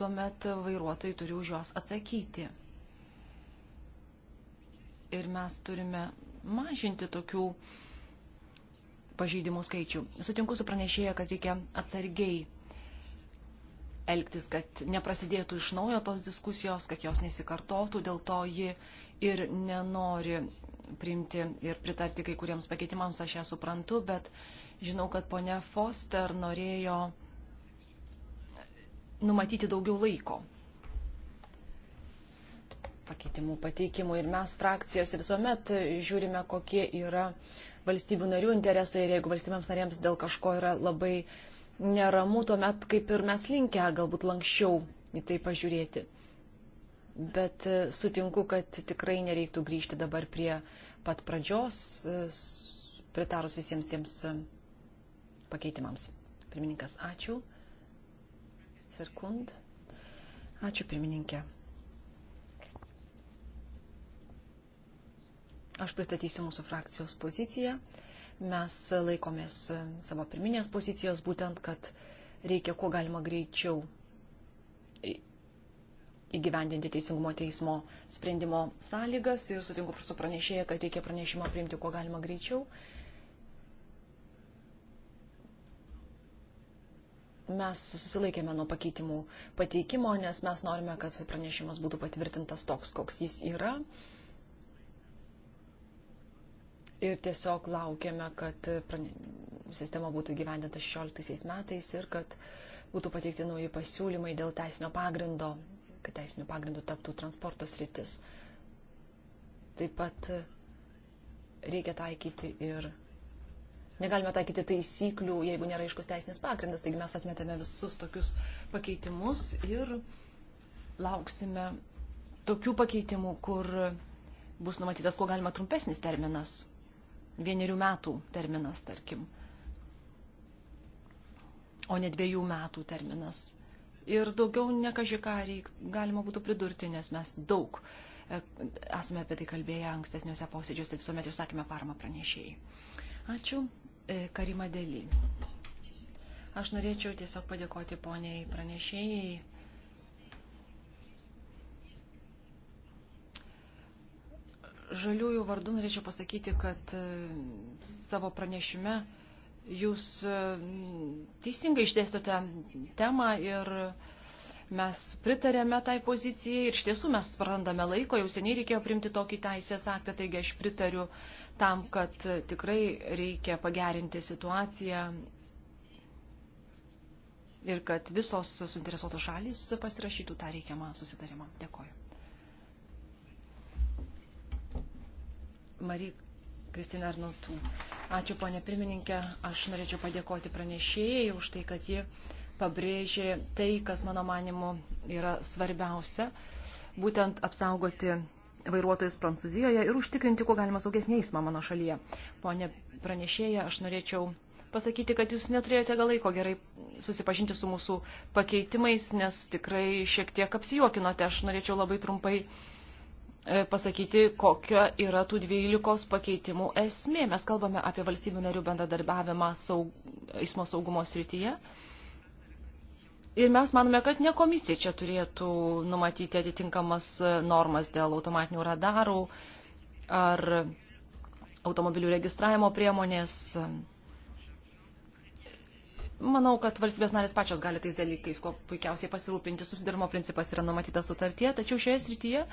tuomet vairuotojai turi už juos atsakyti. Ir mes turime mažinti tokių pažeidimų skaičių. Sutinku su pranešėja, kad reikia atsargiai elgtis, kad neprasidėtų iš naujo tos diskusijos, kad jos nesikartotų, dėl to ji ir nenori priimti ir pritarti kai kuriems pakeitimams, aš ją suprantu, bet žinau, kad ponia Foster norėjo numatyti daugiau laiko pakeitimų pateikimų ir mes frakcijos visuomet žiūrime, kokie yra valstybių narių interesai ir jeigu valstybėms narėms dėl kažko yra labai uh, neramu, tuomet kaip ir mes linkę galbūt lankščiau į tai pažiūrėti. Bet e, sutinku, kad tikrai nereiktų grįžti dabar prie pat pradžios, e, pritarus visiems tiems e, pakeitimams. Pirmininkas, ačiū. Sekund. Ačiū, pirmininkė. Aš pristatysiu mūsų frakcijos poziciją. Mes laikomės savo pirminės pozicijos, būtent, kad reikia kuo galima greičiau įgyvendinti Teisingumo teismo sprendimo sąlygas ir sutinku su pranešėja, kad reikia pranešimą priimti kuo galima greičiau. mes susilaikėme nuo pakeitimų pateikimo, nes mes norime, kad pranešimas būtų patvirtintas toks, koks jis yra ir tiesiog laukiame, kad sistema būtų gyvendinta 16 metais ir kad būtų pateikti nauji pasiūlymai dėl teisinio pagrindo, kad teisinio pagrindo taptų transporto sritis. Taip pat reikia taikyti ir negalime taikyti taisyklių, jeigu nėra iškus teisinės pagrindas, taigi mes atmetėme visus tokius pakeitimus ir lauksime tokių pakeitimų, kur bus numatytas, kuo galima trumpesnis terminas vienerių metų terminas, tarkim, o ne dviejų metų terminas. Ir daugiau nekažiką galima būtų pridurti, nes mes daug e, esame apie tai kalbėję ankstesniuose posėdžiuose, visuomet išsakėme paramą pranešėjai. Ačiū, e, Karima Deli. Aš norėčiau tiesiog padėkoti poniai pranešėjai Žaliųjų vardų norėčiau pasakyti, kad e, savo pranešime jūs e, teisingai išdėstote temą ir mes pritarėme tai pozicijai ir iš tiesų mes prarandame laiko, jau seniai reikėjo primti tokį teisės aktą, taigi aš pritariu tam, kad tikrai reikia pagerinti situaciją ir kad visos suinteresuotos šalys pasirašytų tą reikiamą susitarimą. Dėkoju. Marija Kristina Arnautų. Ačiū, ponė pirmininkė. Aš norėčiau padėkoti pranešėjai už tai, kad ji pabrėžė tai, kas mano manimu yra svarbiausia, būtent apsaugoti vairuotojus Prancūzijoje ir užtikrinti, kuo galima saugesnį eismą mano šalyje. Pone pranešėja, aš norėčiau pasakyti, kad jūs neturėjote gal laiko gerai susipažinti su mūsų pakeitimais, nes tikrai šiek tiek apsijuokinote. Aš norėčiau labai trumpai E, pasakyti, kokia yra tų 12 pakeitimų esmė. Mes kalbame apie valstybių narių bendradarbiavimą saug, eismo saugumo srityje. Ir mes manome, kad ne komisija čia turėtų numatyti atitinkamas normas dėl automatinių radarų ar automobilių registravimo priemonės Manau, kad valstybės narės pačios gali tais dalykais kuo puikiausiai pasirūpinti. Subsidarimo principas yra numatytas sutartie, tačiau šioje srityje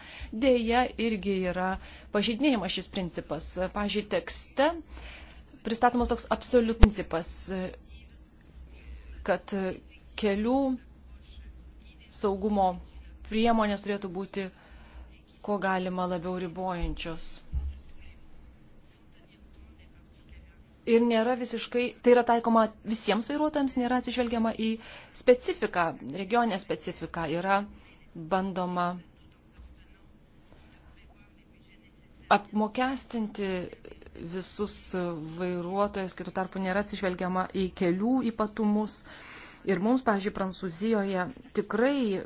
dėja irgi yra pažeidinėjimas šis principas. Pavyzdžiui, tekste pristatomas toks absoliut principas, kad kelių saugumo priemonės turėtų būti ko galima labiau ribojančios. ir nėra visiškai, tai yra taikoma visiems vairuotojams, nėra atsižvelgiama į specifiką, regionę specifiką, yra bandoma apmokestinti visus vairuotojus, kitų tarpų nėra atsižvelgiama į kelių ypatumus. Ir mums, pavyzdžiui, Prancūzijoje tikrai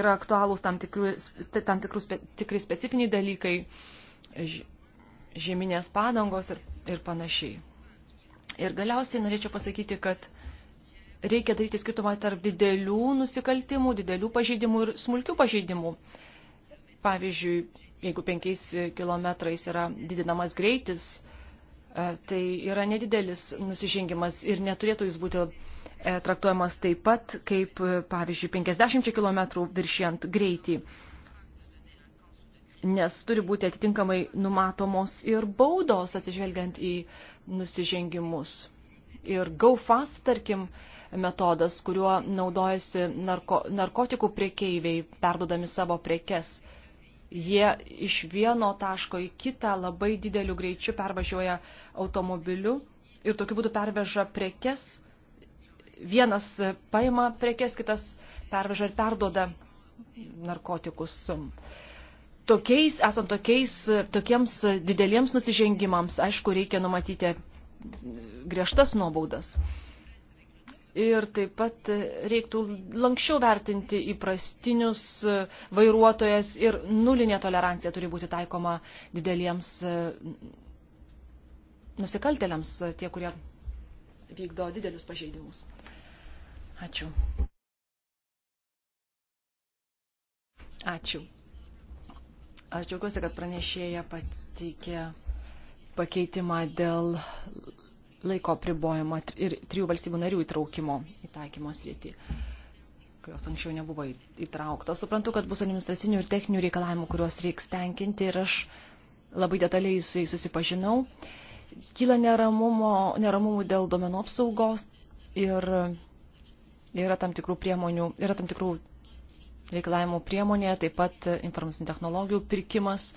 yra aktualūs tam, tikrų, tam tikrus tikri specifiniai dalykai žieminės padangos ir, ir panašiai. Ir galiausiai norėčiau pasakyti, kad reikia daryti skirtumą tarp didelių nusikaltimų, didelių pažeidimų ir smulkių pažeidimų. Pavyzdžiui, jeigu penkiais kilometrais yra didinamas greitis, e, tai yra nedidelis nusižengimas ir neturėtų jis būti e, traktuojamas taip pat, kaip, e, pavyzdžiui, 50 km viršijant greitį nes turi būti atitinkamai numatomos ir baudos atsižvelgiant į nusižengimus. Ir GoFast, tarkim, metodas, kuriuo naudojasi narko, narkotikų priekeiviai, perdodami savo prekes. Jie iš vieno taško į kitą labai dideliu greičiu pervažiuoja automobiliu ir tokiu būdu perveža prekes. Vienas paima prekes, kitas perveža ir perdoda narkotikus tokiais, esant tokiais, tokiems dideliems nusižengimams, aišku, reikia numatyti griežtas nuobaudas. Ir taip pat reiktų lankščiau vertinti įprastinius vairuotojas ir nulinė tolerancija turi būti taikoma dideliems nusikaltėliams, tie, kurie vykdo didelius pažeidimus. Ačiū. Ačiū. Aš džiaugiuosi, kad pranešėja pateikė pakeitimą dėl laiko pribojimo ir trijų valstybių narių įtraukimo į taikymo sritį, kurios anksčiau nebuvo įtraukta. Suprantu, kad bus administracinių ir techninių reikalavimų, kuriuos reiks tenkinti ir aš labai detaliai su jais susipažinau. Kyla neramumo, neramumų dėl domenų apsaugos ir yra tam tikrų priemonių, yra tam tikrų reikalavimų priemonė, taip pat informacinių technologijų pirkimas.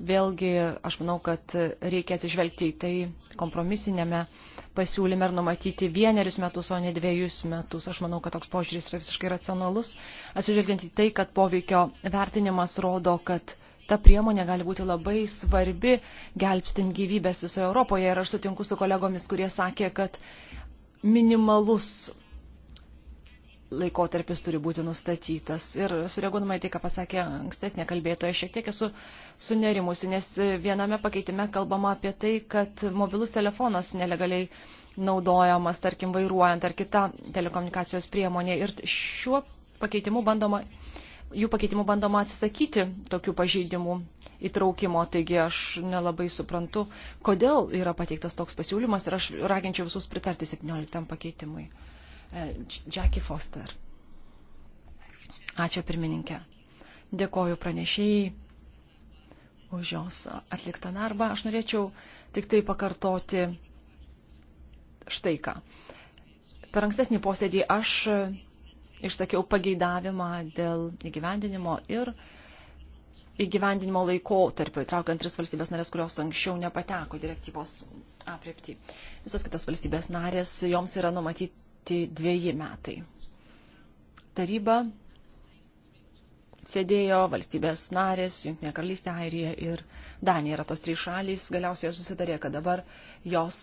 Vėlgi, aš manau, kad reikia atsižvelgti į tai kompromisinėme pasiūlyme ir numatyti vienerius metus, o ne dviejus metus. Aš manau, kad toks požiūris yra visiškai racionalus, atsižvelgiant į tai, kad poveikio vertinimas rodo, kad ta priemonė gali būti labai svarbi gelbstint gyvybės visoje Europoje. Ir aš sutinku su kolegomis, kurie sakė, kad minimalus laikotarpis turi būti nustatytas. Ir sureaguodama į tai, ką pasakė ankstesnė kalbėtoja, šiek tiek esu sunerimusi, nes viename pakeitime kalbama apie tai, kad mobilus telefonas nelegaliai naudojamas, tarkim, vairuojant ar kita telekomunikacijos priemonė. Ir šiuo pakeitimu bandoma, jų pakeitimu bandoma atsisakyti tokių pažeidimų įtraukimo, taigi aš nelabai suprantu, kodėl yra pateiktas toks pasiūlymas ir aš raginčiau visus pritarti 17 pakeitimui. E, Jackie Foster. Ačiū pirmininkė. Dėkoju pranešėjai už jos atliktą darbą. Aš norėčiau tik tai pakartoti štai ką. Per ankstesnį posėdį aš išsakiau pageidavimą dėl įgyvendinimo ir įgyvendinimo laiko tarp įtraukiant tris valstybės narės, kurios anksčiau nepateko direktyvos apriepti. Visos kitos valstybės narės, joms yra numatyti numatyti dviejai metai. Taryba sėdėjo valstybės narės, Junktinė karalystė, Airija ir Danija yra tos trys šalys. Galiausiai jos susitarė, kad dabar jos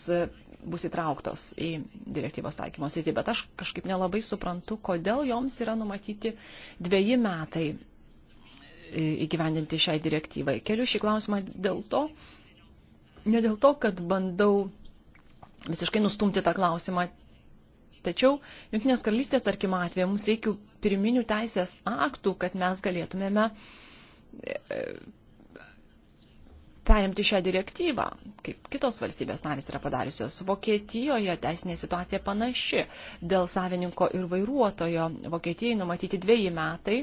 bus įtrauktos į direktyvos taikymo sritį, bet aš kažkaip nelabai suprantu, kodėl joms yra numatyti dviejai metai įgyvendinti šiai direktyvai. Keliu šį klausimą dėl to, ne dėl to, kad bandau visiškai nustumti tą klausimą Tačiau Junktinės karalystės, tarkim, atveju mums reikia pirminių teisės aktų, kad mes galėtumėme e, e, perimti šią direktyvą, kaip kitos valstybės narys yra padariusios. Vokietijoje teisinė situacija panaši. Dėl savininko ir vairuotojo Vokietijai numatyti dviejai metai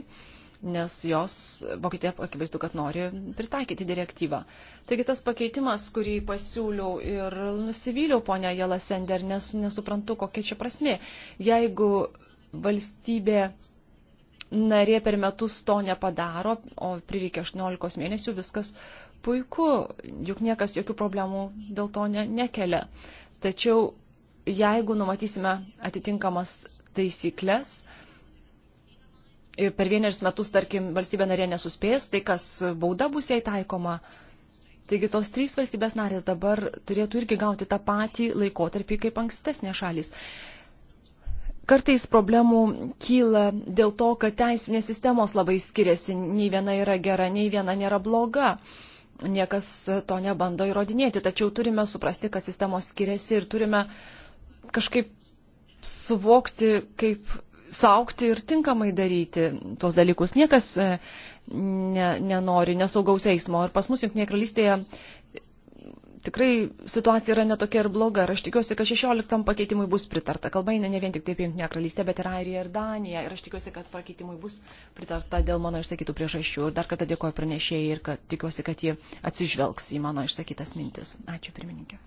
nes jos Vokietija akivaizdu, kad nori pritaikyti direktyvą. Taigi tas pakeitimas, kurį pasiūliau ir nusivyliau ponia Jela Sender, nes nesuprantu, kokia čia prasmė. Jeigu valstybė narė per metus to nepadaro, o prireikia 18 mėnesių, viskas puiku, juk niekas jokių problemų dėl to ne, nekelia. Tačiau jeigu numatysime atitinkamas taisyklės, per vienerius metus, tarkim, valstybė narė nesuspės, tai kas bauda bus jai taikoma. Taigi tos trys valstybės narės dabar turėtų irgi gauti tą patį laikotarpį kaip ankstesnė šalis. Kartais problemų kyla dėl to, kad teisinės sistemos labai skiriasi, nei viena yra gera, nei viena nėra bloga niekas to nebando įrodinėti, tačiau turime suprasti, kad sistemos skiriasi ir turime kažkaip suvokti, kaip saukti ir tinkamai daryti tuos dalykus. Niekas e, ne, nenori nesaugaus eismo. Ir pas mus Junktinėje karalystėje e, tikrai situacija yra netokia ir bloga. Ir aš tikiuosi, kad 16 pakeitimui bus pritarta. Kalba eina ne vien tik taip Junktinė karalystė, bet ir Airija ir Danija. Ir aš tikiuosi, kad pakeitimui bus pritarta dėl mano išsakytų priežasčių. Ir dar kartą dėkoju pranešėjai ir kad tikiuosi, kad ji atsižvelgs į mano išsakytas mintis. Ačiū pirmininkė.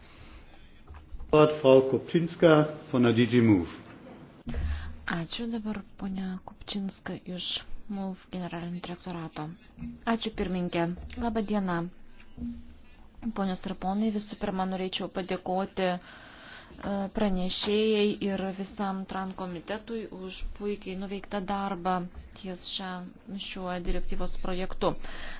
Frau Kopczynska von der DG Move. Ačiū dabar ponia Kupčinska iš MUF generalinio direktorato. Ačiū pirminkė. Labą dieną. Ponios ir ponai, visų pirma, norėčiau padėkoti uh, E, pranešėjai ir visam TRAN komitetui už puikiai nuveiktą darbą ties šią, šiuo direktyvos projektu.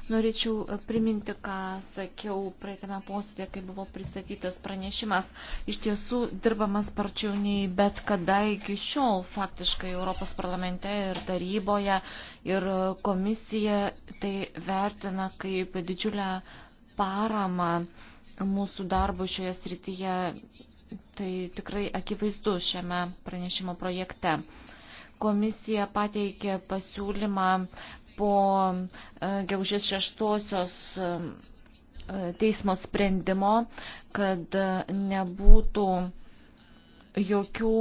Norėčiau e, priminti, ką sakiau praeitame posėdė, kai buvo pristatytas pranešimas. Iš tiesų dirbamas sparčiau nei bet kada iki šiol faktiškai Europos parlamente ir taryboje ir e, komisija tai vertina kaip didžiulę paramą mūsų darbo šioje srityje Tai tikrai akivaizdu šiame pranešimo projekte. Komisija pateikė pasiūlymą po e, gegužės šeštosios e, teismo sprendimo, kad e, nebūtų jokių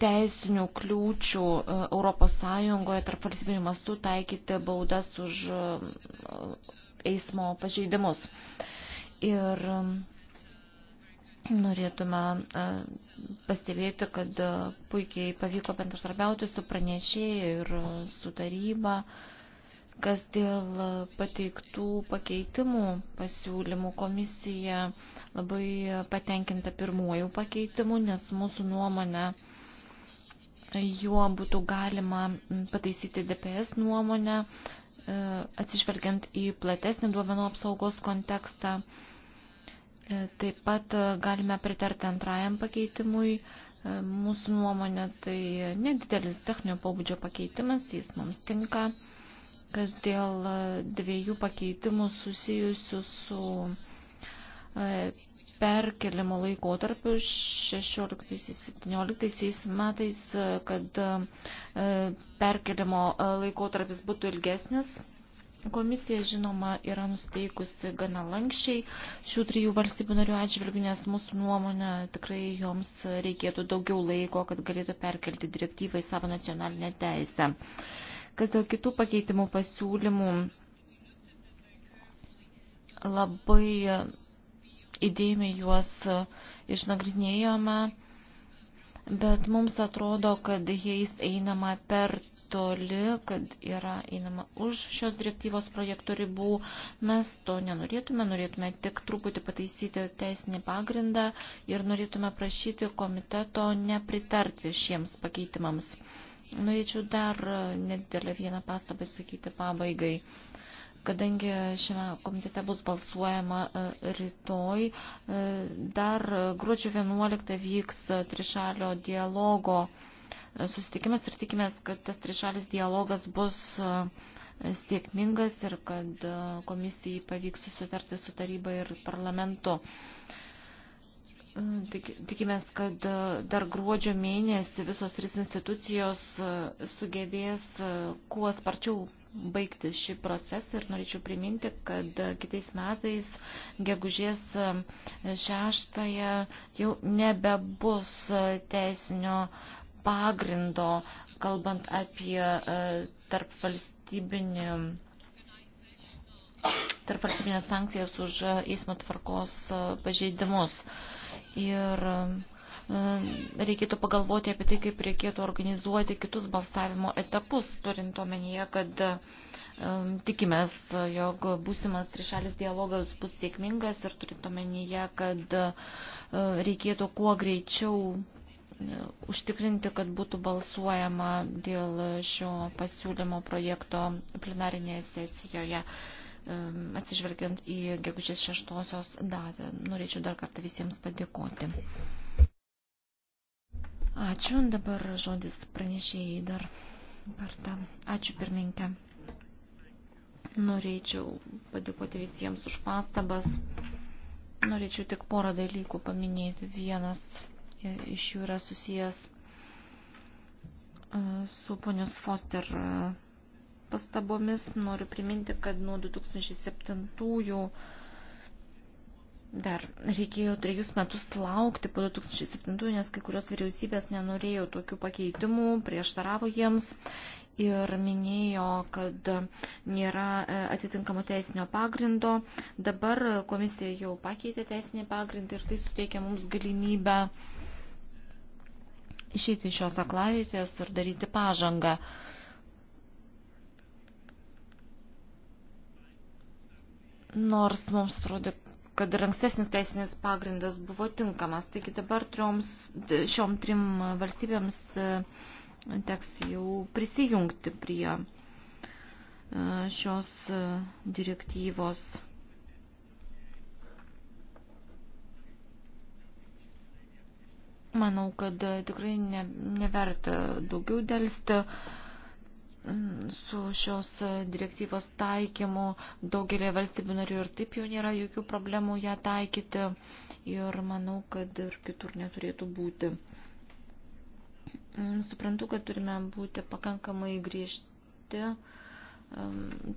teisinių kliūčių ES tarp valstybinių mastų taikyti baudas už eismo pažeidimus. Ir Norėtume e, pastebėti, kad e, puikiai pavyko bendradarbiauti su pranešėjai ir su taryba, kas dėl pateiktų pakeitimų pasiūlymų komisija labai patenkinta pirmuoju pakeitimu, nes mūsų nuomonė juo būtų galima pataisyti DPS nuomonę, e, atsižvelgiant į platesnį duomenų apsaugos kontekstą. Taip pat e, galime pritarti antrajam pakeitimui. E, mūsų nuomonė tai nedidelis techninio pobūdžio pakeitimas, jis mums tinka, kas dėl e, dviejų pakeitimų susijusių su perkelimo laikotarpiu 16-17 metais, kad perkelimo laikotarpis būtų ilgesnis Komisija, žinoma, yra nusteikusi gana lankščiai šių trijų valstybių narių atžvilgių, nes mūsų nuomonė tikrai joms reikėtų daugiau laiko, kad galėtų perkelti direktyvą į savo nacionalinę teisę. Kas dėl kitų pakeitimų pasiūlymų, labai įdėmiai juos išnagrinėjome, bet mums atrodo, kad jais einama per toli, kad yra einama už šios direktyvos projekto ribų. Mes to nenorėtume, norėtume tik truputį pataisyti teisinį pagrindą ir norėtume prašyti komiteto nepritarti šiems pakeitimams. Norėčiau dar nedidelę vieną pastabą sakyti pabaigai. Kadangi šiame komitete bus balsuojama e, rytoj, e, dar gruodžio 11 vyks trišalio dialogo susitikimas ir tikimės, kad tas trišalis dialogas bus e, sėkmingas ir kad e, komisijai pavyks susitarti su taryba ir parlamentu. E, tikimės, kad dar gruodžio mėnesį visos tris institucijos sugebės kuo sparčiau baigti šį procesą ir norėčiau priminti, kad kitais metais gegužės šeštąją jau nebebus teisinio uh, pagrindo, kalbant apie e, tarp valstybinį tarp valstybinės sankcijas už e, eismo tvarkos e, pažeidimus. Ir reikėtų pagalvoti apie tai, kaip reikėtų organizuoti kitus balsavimo etapus, turint omenyje, kad tikimės, jog būsimas trišalis dialogas bus sėkmingas ir turint omenyje, kad reikėtų kuo greičiau užtikrinti, kad būtų balsuojama dėl šio pasiūlymo projekto plenarinėje sesijoje um, atsižvelgiant į gegužės šeštosios datą. Norėčiau dar kartą visiems padėkoti. Ačiū. Dabar žodis pranešėjai dar kartą. Ačiū pirminkė. Norėčiau padėkoti visiems už pastabas. Norėčiau tik porą dalykų paminėti. Vienas iš jų yra susijęs e, su ponios Foster e, pastabomis. Noriu priminti, kad nuo 2007-ųjų dar reikėjo trejus metus laukti po 2007-ųjų, nes kai kurios vyriausybės nenorėjo tokių pakeitimų, prieštaravo jiems ir minėjo, kad nėra e, atitinkamo teisinio pagrindo. Dabar komisija jau pakeitė teisinį pagrindą ir tai suteikia mums galimybę uh, išeiti iš šios aklavytės ir daryti pažangą. Nors mums atrodo, kad ir ankstesnis teisinis pagrindas buvo tinkamas. Taigi dabar trioms, šiom trim valstybėms e, teks jau prisijungti prie e, šios e, direktyvos. Manau, kad e, tikrai ne, neverta daugiau dėlsti su šios e, direktyvos taikymu. Daugelį valstybių narių ir taip jau nėra jokių problemų ją taikyti ir manau, kad ir kitur neturėtų būti. Suprantu, kad turime būti pakankamai griežti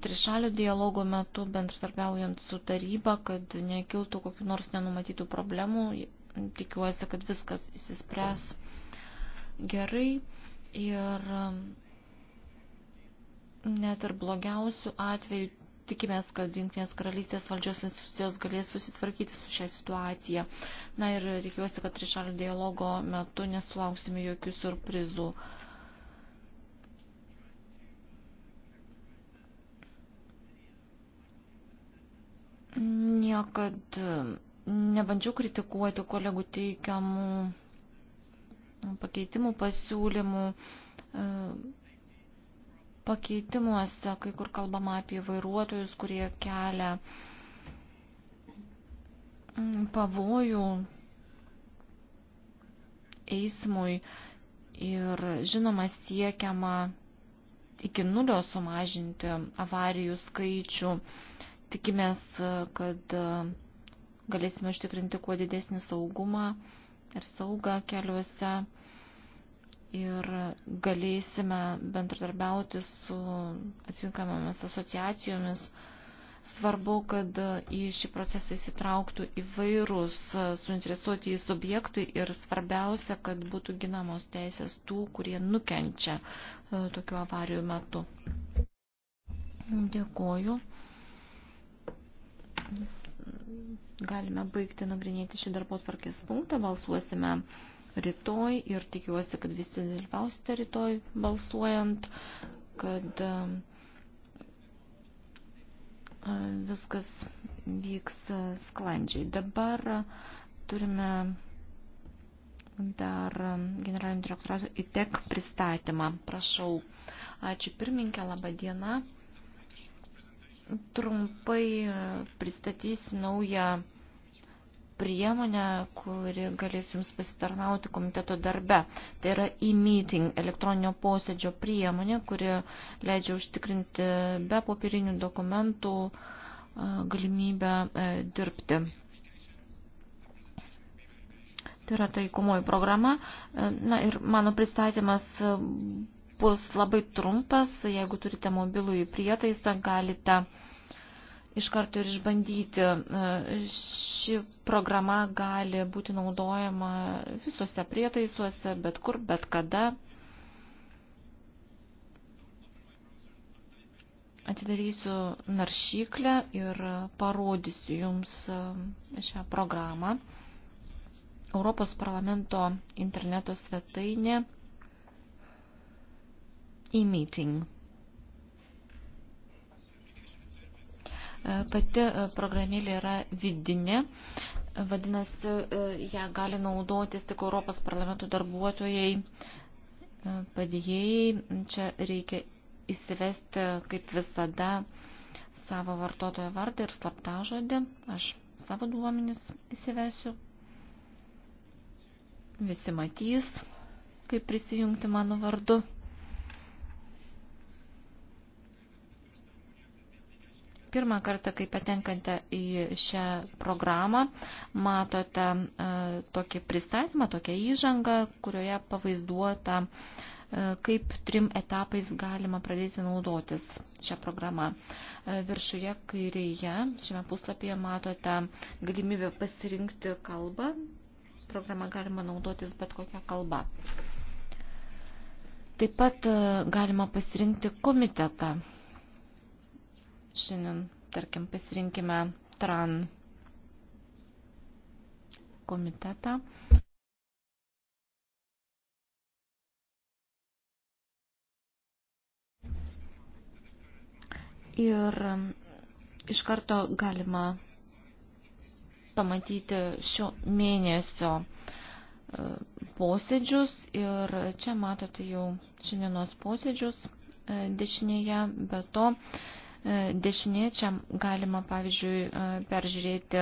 trišalio dialogo metu, bendratarpiaujant su taryba, kad nekiltų kokiu nors nenumatytų problemų, tikiuosi, kad viskas įsispręs gerai ir um, net ir blogiausių atvejų tikimės, kad Junktinės karalystės valdžios institucijos galės susitvarkyti su šią situaciją. Na ir tikiuosi, kad trišalių dialogo metu nesulauksime jokių surprizų. Niekad um, nebandžiau kritikuoti kolegų teikiamų pakeitimų pasiūlymų. E, pakeitimuose kai kur kalbama apie vairuotojus, kurie kelia mm, pavojų eismui ir žinoma siekiama iki nulio sumažinti avarijų skaičių. Tikimės, kad galėsime užtikrinti kuo didesnį saugumą ir saugą keliuose ir galėsime bendradarbiauti su atitinkamomis asociacijomis. Svarbu, kad į šį procesą įsitrauktų įvairūs suinteresuoti į subjektai ir svarbiausia, kad būtų ginamos teisės tų, kurie nukenčia e, tokių avarijų metu. Dėkoju. Galime baigti nagrinėti šį darbo tvarkės punktą, balsuosime rytoj ir tikiuosi, kad visi dalyvausite rytoj balsuojant, kad viskas vyks sklandžiai. Dabar turime dar generalinio direktorato ITEK pristatymą. Prašau. Ačiū pirminkė, laba diena. Trumpai pristatysiu naują priemonę, kuri galės jums pasitarnauti komiteto darbe. Tai yra e-meeting, elektroninio posėdžio priemonė, kuri leidžia užtikrinti be popierinių dokumentų e, galimybę e, dirbti. Tai yra taikomoji programa. E, na ir mano pristatymas bus labai trumpas. Jeigu turite mobilųjį prietaisą, galite uh, iš karto ir išbandyti. Ši programa gali būti naudojama visuose prietaisuose, bet kur, bet kada. Atidarysiu naršyklę ir parodysiu Jums šią programą. Europos parlamento interneto svetainė e-meeting. Pati e, programėlė yra vidinė. Vadinasi, e, ją gali naudotis tik Europos parlamento darbuotojai, e, padėjėjai. Čia reikia įsivesti, kaip visada, savo vartotojo vardą ir slaptažodį. Aš savo duomenis įsivesiu. Visi matys, kaip prisijungti mano vardu. Pirmą kartą, kai patenkate į šią programą, matote e, tokį pristatymą, tokią įžangą, kurioje pavaizduota, e, kaip trim etapais galima pradėti naudotis šią programą. E, viršuje kairėje, šiame puslapyje matote galimybę pasirinkti kalbą. Programą galima naudotis bet kokią kalbą. Taip pat galima pasirinkti komitetą Šiandien, tarkim, pasirinkime TRAN komitetą. Ir iš karto galima pamatyti šio mėnesio e, posėdžius ir čia matote jau šiandienos posėdžius e, dešinėje, be to Dešiniečiam galima, pavyzdžiui, e, peržiūrėti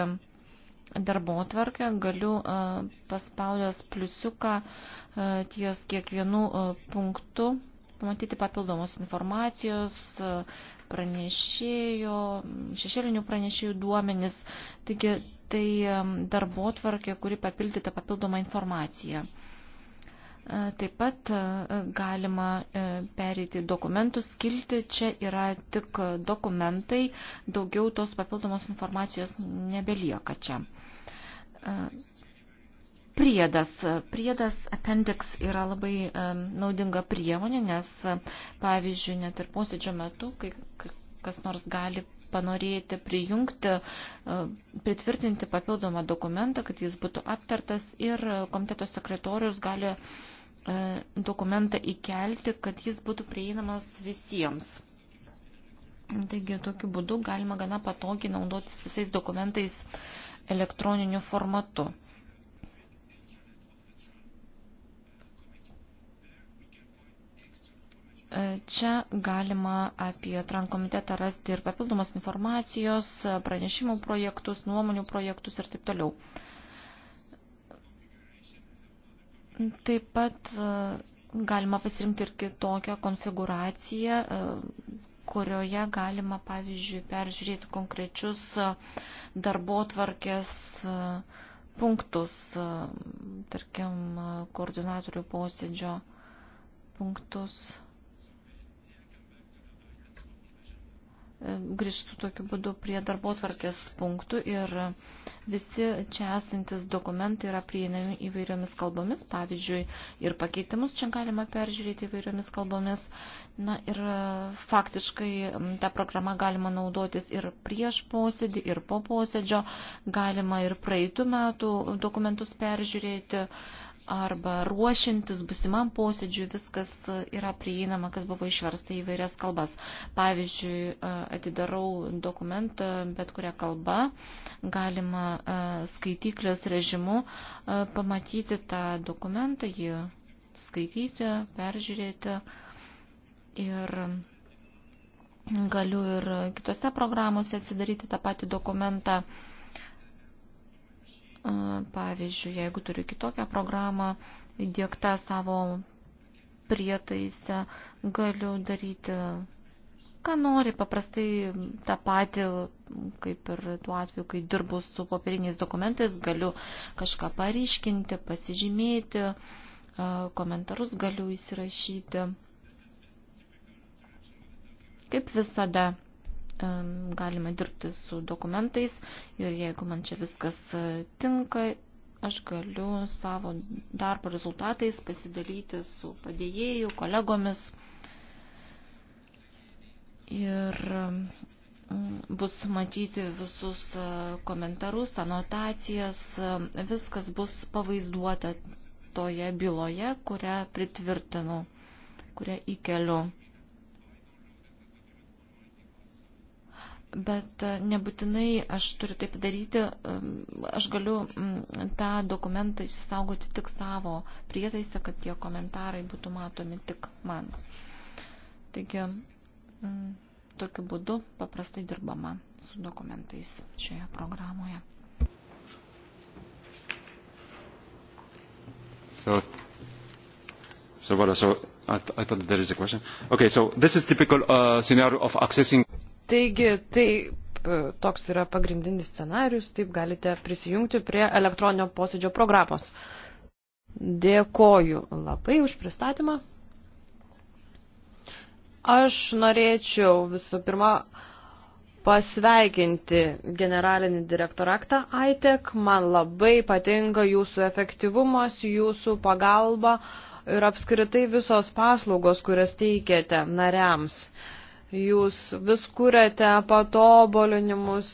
darbo tvarkę, galiu e, paspaudęs pliusiuką e, ties kiekvienu punktu pamatyti papildomos informacijos, pranešėjo, šešėlinių pranešėjų duomenis. Taigi tai darbo tvarkė, kuri papildyta papildoma informacija. E, taip pat e, galima e, pereiti dokumentus, skilti, čia yra tik dokumentai, daugiau tos papildomos informacijos nebelieka čia. Priedas. Priedas appendix yra labai naudinga priemonė, nes pavyzdžiui, net ir posėdžio metu, kai kas nors gali panorėti prijungti, pritvirtinti papildomą dokumentą, kad jis būtų aptartas ir komiteto sekretorius gali uh, E, dokumentą įkelti, kad jis būtų prieinamas visiems. Taigi tokiu būdu galima gana patogiai naudotis visais dokumentais elektroniniu formatu. E, čia galima apie TRAN komitetą rasti ir papildomos informacijos, pranešimų projektus, nuomonių projektus ir taip toliau. Taip pat e, galima pasirinkti ir kitokią konfiguraciją, e, kurioje galima, pavyzdžiui, peržiūrėti konkrečius e, darbo tvarkės punktus, tarkim, koordinatorių posėdžio punktus. Grįžtų tokiu būdu prie darbo tvarkės punktų ir visi čia esantis dokumentai yra prieinami įvairiomis kalbomis, pavyzdžiui, ir pakeitimus čia galima peržiūrėti įvairiomis kalbomis. Na ir e, faktiškai tą programą galima naudotis ir prieš posėdį, ir po posėdžio, galima ir praeitų metų dokumentus peržiūrėti arba ruošintis busimam posėdžiui viskas e, yra prieinama, kas buvo išversta į vairias kalbas. Pavyzdžiui, e, atidarau dokumentą bet kurią kalbą, galima E, skaitiklės režimu e, pamatyti tą dokumentą, jį skaityti, peržiūrėti. Ir galiu ir kitose programuose atsidaryti tą patį dokumentą. E, pavyzdžiui, jeigu turiu kitokią programą įdėktą savo prietaise, galiu daryti ką nori, paprastai tą patį, kaip ir tuo atveju, kai dirbu su popieriniais dokumentais, galiu kažką paryškinti, pasižymėti, komentarus galiu įsirašyti. Kaip visada galima dirbti su dokumentais ir jeigu man čia viskas tinka, aš galiu savo darbo rezultatais pasidalyti su padėjėjų, kolegomis ir mm, bus matyti visus e, komentarus, anotacijas, e, viskas bus pavaizduota toje byloje, kurią pritvirtinu, kurią įkeliu. bet e, nebūtinai aš turiu taip daryti, aš galiu mm, tą dokumentą išsaugoti tik savo prietaisą, kad tie komentarai būtų matomi tik man. Taigi Mm, tokiu būdu paprastai dirbama su dokumentais šioje programoje. So, so what? So I, th I thought there is a question. Okay, so this is typical uh, scenario of accessing. Taigi, tai toks yra pagrindinis scenarius, taip galite prisijungti prie elektroninio posėdžio programos. Dėkoju labai už pristatymą. Aš norėčiau visų pirma pasveikinti generalinį direktoraktą ITEC. Man labai patinka jūsų efektyvumas, jūsų pagalba ir apskritai visos paslaugos, kurias teikiate nariams. Jūs vis kuriate patobulinimus,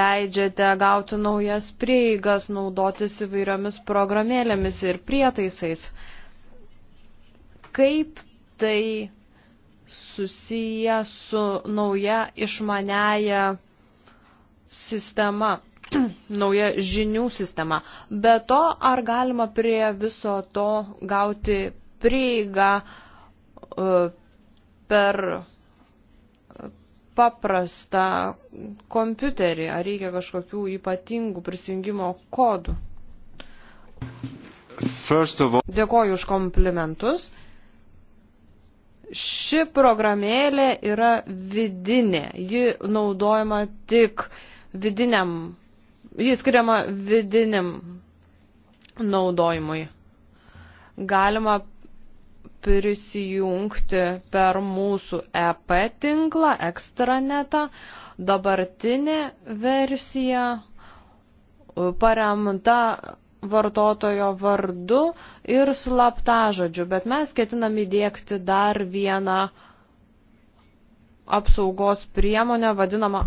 leidžiate gauti naujas prieigas, naudotis įvairiomis programėlėmis ir prietaisais. Kaip tai susiję su nauja išmaniaja sistema, [clears throat] nauja žinių sistema. Be to, ar galima prie viso to gauti prieigą e, per paprastą kompiuterį, ar reikia kažkokių ypatingų prisijungimo kodų. All... Dėkoju už komplimentus. Ši programėlė yra vidinė, ji naudojama tik vidiniam, ji skiriama vidiniam naudojimui. Galima prisijungti per mūsų EP tinklą, ekstranetą. Dabartinė versija paremta vartotojo vardu ir slaptažodžiu, bet mes ketinam įdėkti dar vieną apsaugos priemonę vadinamą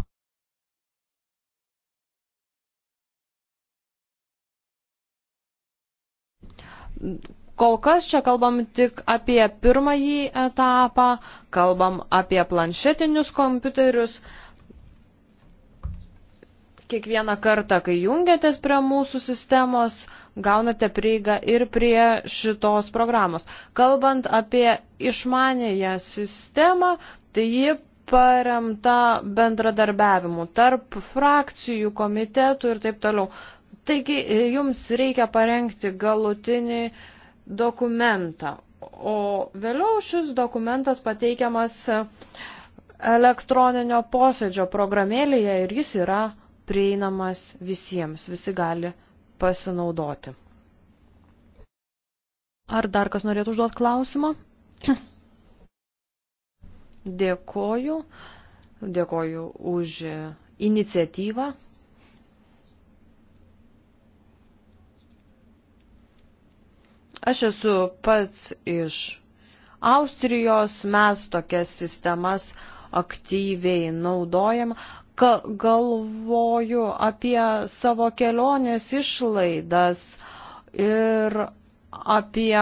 Kol kas čia kalbam tik apie pirmąjį etapą, kalbam apie planšetinius kompiuterius, kiekvieną kartą, kai jungiatės prie mūsų sistemos, gaunate prieigą ir prie šitos programos. Kalbant apie išmanėją sistemą, tai ji paremta bendradarbiavimu tarp frakcijų, komitetų ir taip toliau. Taigi e, jums reikia parengti galutinį dokumentą, o vėliau šis dokumentas pateikiamas e, elektroninio posėdžio programėlėje ir jis yra prieinamas visiems, visi gali pasinaudoti. Ar dar kas norėtų užduoti klausimą? [clears throat] Dėkoju. Dėkoju už iniciatyvą. Aš esu pats iš Austrijos, mes tokias sistemas aktyviai naudojam galvoju apie savo kelionės išlaidas ir apie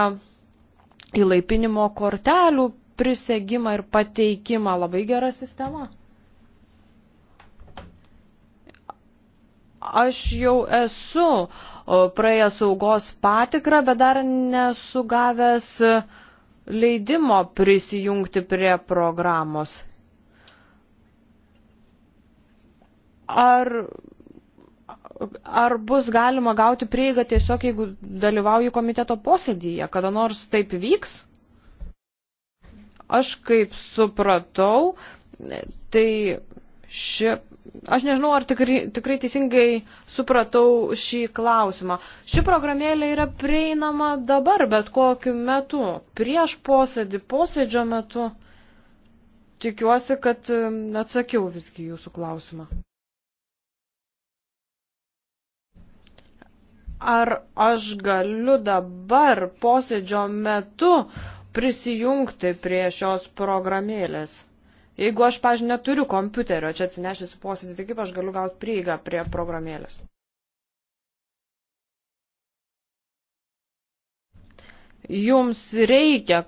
įlaipinimo kortelių prisegimą ir pateikimą. Labai gera sistema. Aš jau esu praėjęs saugos patikrą, bet dar nesu gavęs leidimo prisijungti prie programos. ar, ar bus galima gauti prieigą tiesiog, jeigu dalyvauju komiteto posėdyje, kada nors taip vyks? Aš kaip supratau, tai ši, aš nežinau, ar tikrai, tikrai teisingai supratau šį klausimą. Ši programėlė yra prieinama dabar, bet kokiu metu, prieš posėdį, posėdžio metu. Tikiuosi, kad um, atsakiau visgi jūsų klausimą. ar aš galiu dabar posėdžio metu prisijungti prie šios programėlės. Jeigu aš, pažiūrėjau, neturiu kompiuterio, čia atsinešęs posėdį, tai kaip aš galiu gauti prieigą prie programėlės? Jums reikia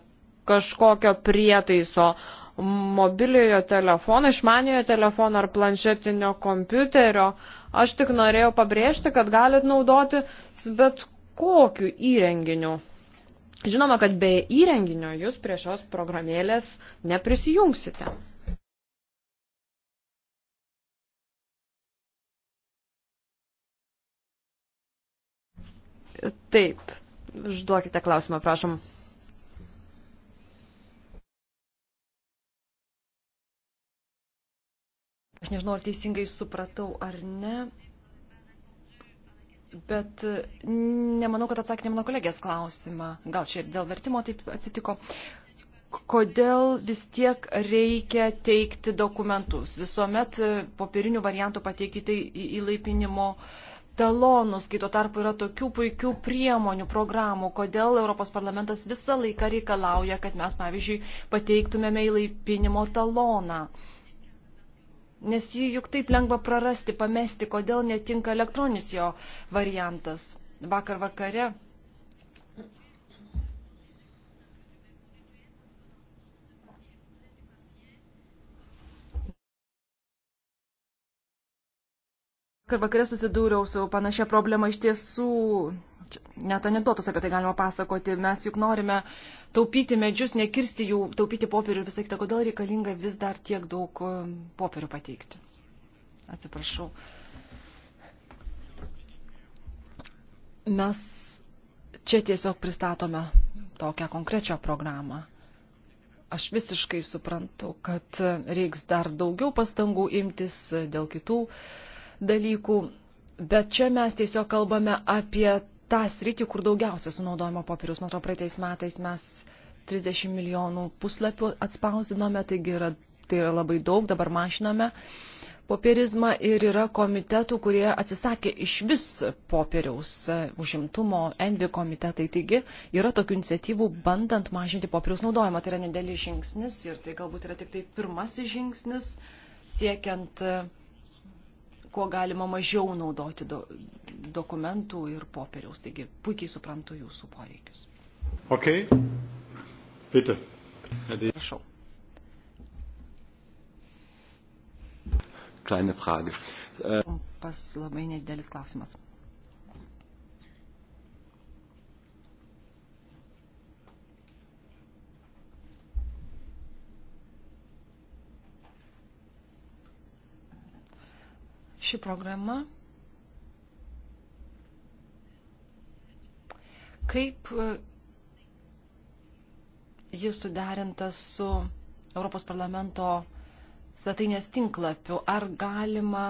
kažkokio prietaiso, mobiliojo telefono, išmaniojo telefono ar planšetinio kompiuterio. Aš tik norėjau pabrėžti, kad galit naudoti bet kokiu įrenginiu. Žinoma, kad be įrenginio jūs prie šios programėlės neprisijungsite. Taip, užduokite klausimą, prašom. Aš nežinau, ar teisingai supratau ar ne, bet nemanau, kad atsakėte mano kolegės klausimą. Gal čia ir dėl vertimo taip atsitiko. Kodėl vis tiek reikia teikti dokumentus? Visuomet e, popierinių variantų pateikite tai įlaipinimo talonus, kai tuo tarpu yra tokių puikių priemonių, programų, kodėl Europos parlamentas visą laiką reikalauja, kad mes, pavyzdžiui, pateiktumėme įlaipinimo taloną. Uh, nes jį juk taip lengva prarasti, pamesti, kodėl netinka elektroninis jo variantas. Vakar vakare. Vakar vakare susidūriau su panašia problema iš tiesų, net anegdotus apie tai galima pasakoti, mes juk norime uh, taupyti medžius, nekirsti jų, taupyti popierių ir visą kitą, kodėl reikalinga vis dar tiek daug um, popierių pateikti. Atsiprašau. Mes čia tiesiog pristatome tokią konkrečią programą. Aš visiškai suprantu, kad reiks dar daugiau pastangų imtis dėl kitų dalykų, bet čia mes tiesiog kalbame apie tą sritį, kur daugiausia sunaudojimo popieriaus. Man atrodo, praeitais metais mes 30 milijonų puslapių atspausdinome, taigi yra, tai yra labai daug, dabar mašiname popierizmą ir yra komitetų, kurie atsisakė iš vis popieriaus e, užimtumo, envi komitetai. Taigi yra tokių iniciatyvų bandant mažinti popieriaus naudojimą. Tai yra nedėlis žingsnis ir tai galbūt yra tik tai pirmasis žingsnis siekiant uh, kuo galima mažiau naudoti do, dokumentų ir popieriaus. Taigi puikiai suprantu jūsų poreikius. Ok. Bitte. Prašau. Kleine Frage. Äh, Pas labai nedidelis klausimas. ši programa kaip e, jis suderintas su Europos parlamento svetainės tinklapiu. Ar galima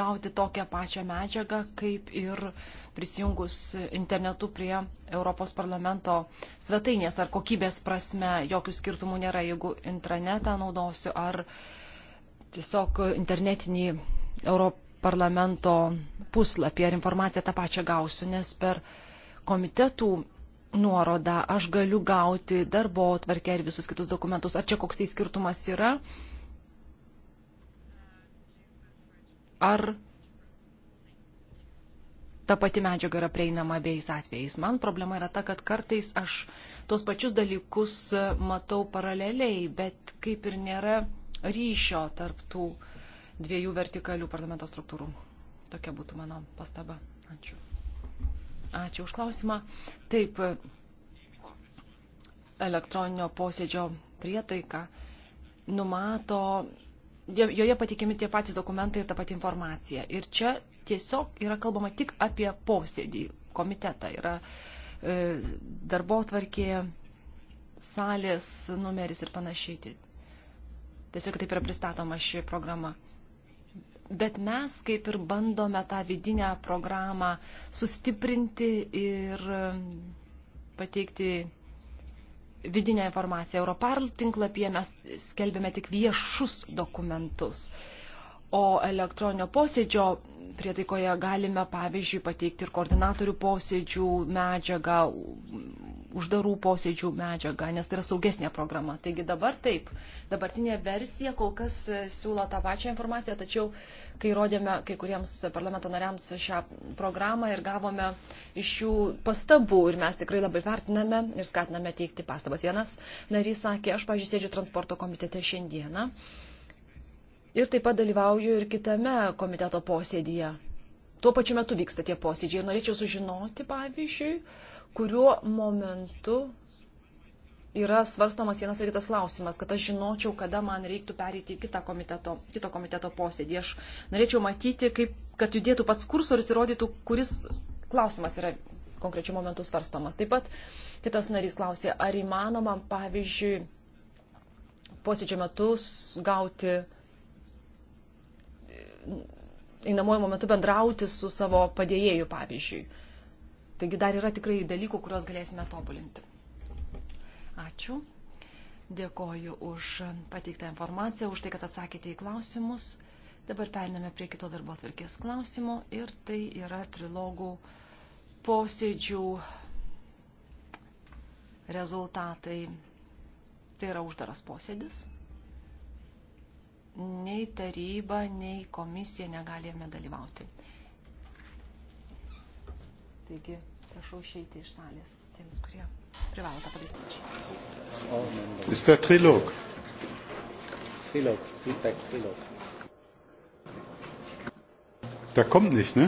gauti tokią pačią medžiagą, kaip ir prisijungus internetu prie Europos parlamento svetainės, ar kokybės prasme jokių skirtumų nėra, jeigu intranetą naudosiu, ar tiesiog internetinį Europarlamento puslapį ar informaciją tą pačią gausiu, nes per komitetų nuorodą aš galiu gauti darbo tvarkę ir visus kitus dokumentus. Ar čia koks tai skirtumas yra? Ar ta pati medžiaga yra prieinama abiejais atvejais. Man problema yra ta, kad kartais aš tuos pačius dalykus matau paraleliai, bet kaip ir nėra ryšio tarp tų uh, dviejų vertikalių parlamento struktūrų. Tokia būtų mano pastaba. Ačiū. Ačiū už klausimą. Taip, elektroninio posėdžio prietaika numato, joje pateikiami tie patys dokumentai ir ta pati informacija. Ir čia tiesiog yra kalbama tik apie posėdį, komitetą. Yra e, darbo tvarkė, salės numeris ir panašiai. Tiesiog taip yra pristatoma ši programa bet mes kaip ir bandome tą vidinę programą sustiprinti ir um, pateikti vidinę informaciją. Europarl tinklapyje mes skelbėme tik viešus dokumentus, o elektroninio posėdžio prietaikoje galime, pavyzdžiui, pateikti ir koordinatorių posėdžių medžiagą, uždarų posėdžių medžiagą, nes tai yra saugesnė programa. Taigi dabar taip, dabartinė versija kol kas e, siūlo tą pačią informaciją, tačiau kai rodėme kai kuriems parlamento nariams šią programą ir gavome iš jų pastabų ir mes tikrai labai vertiname ir skatiname teikti pastabas. Vienas narys sakė, aš pažiūrėsiu transporto komitete šiandieną ir taip pat dalyvauju ir kitame komiteto posėdyje tuo pačiu metu vyksta tie posėdžiai. Ir norėčiau sužinoti, pavyzdžiui, kuriuo momentu yra svarstomas vienas ir kitas klausimas, kad aš žinočiau, kada man reiktų pereiti į kitą komiteto, kito komiteto posėdį. Aš norėčiau matyti, kaip, kad judėtų pats kursorius ir rodytų, kuris klausimas yra konkrečiu momentu svarstomas. Taip pat kitas narys klausė, ar įmanoma, pavyzdžiui, posėdžio metu gauti įnamuoju momentu bendrauti su savo padėjėju, pavyzdžiui. Taigi dar yra tikrai dalykų, kuriuos galėsime tobulinti. Ačiū. Dėkoju už pateiktą informaciją, už tai, kad atsakėte į klausimus. Dabar periname prie kito darbo atvirkės klausimo ir tai yra trilogų posėdžių rezultatai. Tai yra uždaras posėdis. Nei taryba, nei komisija negalėjome dalyvauti. Taigi, prašau išeiti iš salės tiems, kurie privalo tą padaryti. Jis tai trilog. Trilog, feedback, trilog. Da kommt nicht, ne?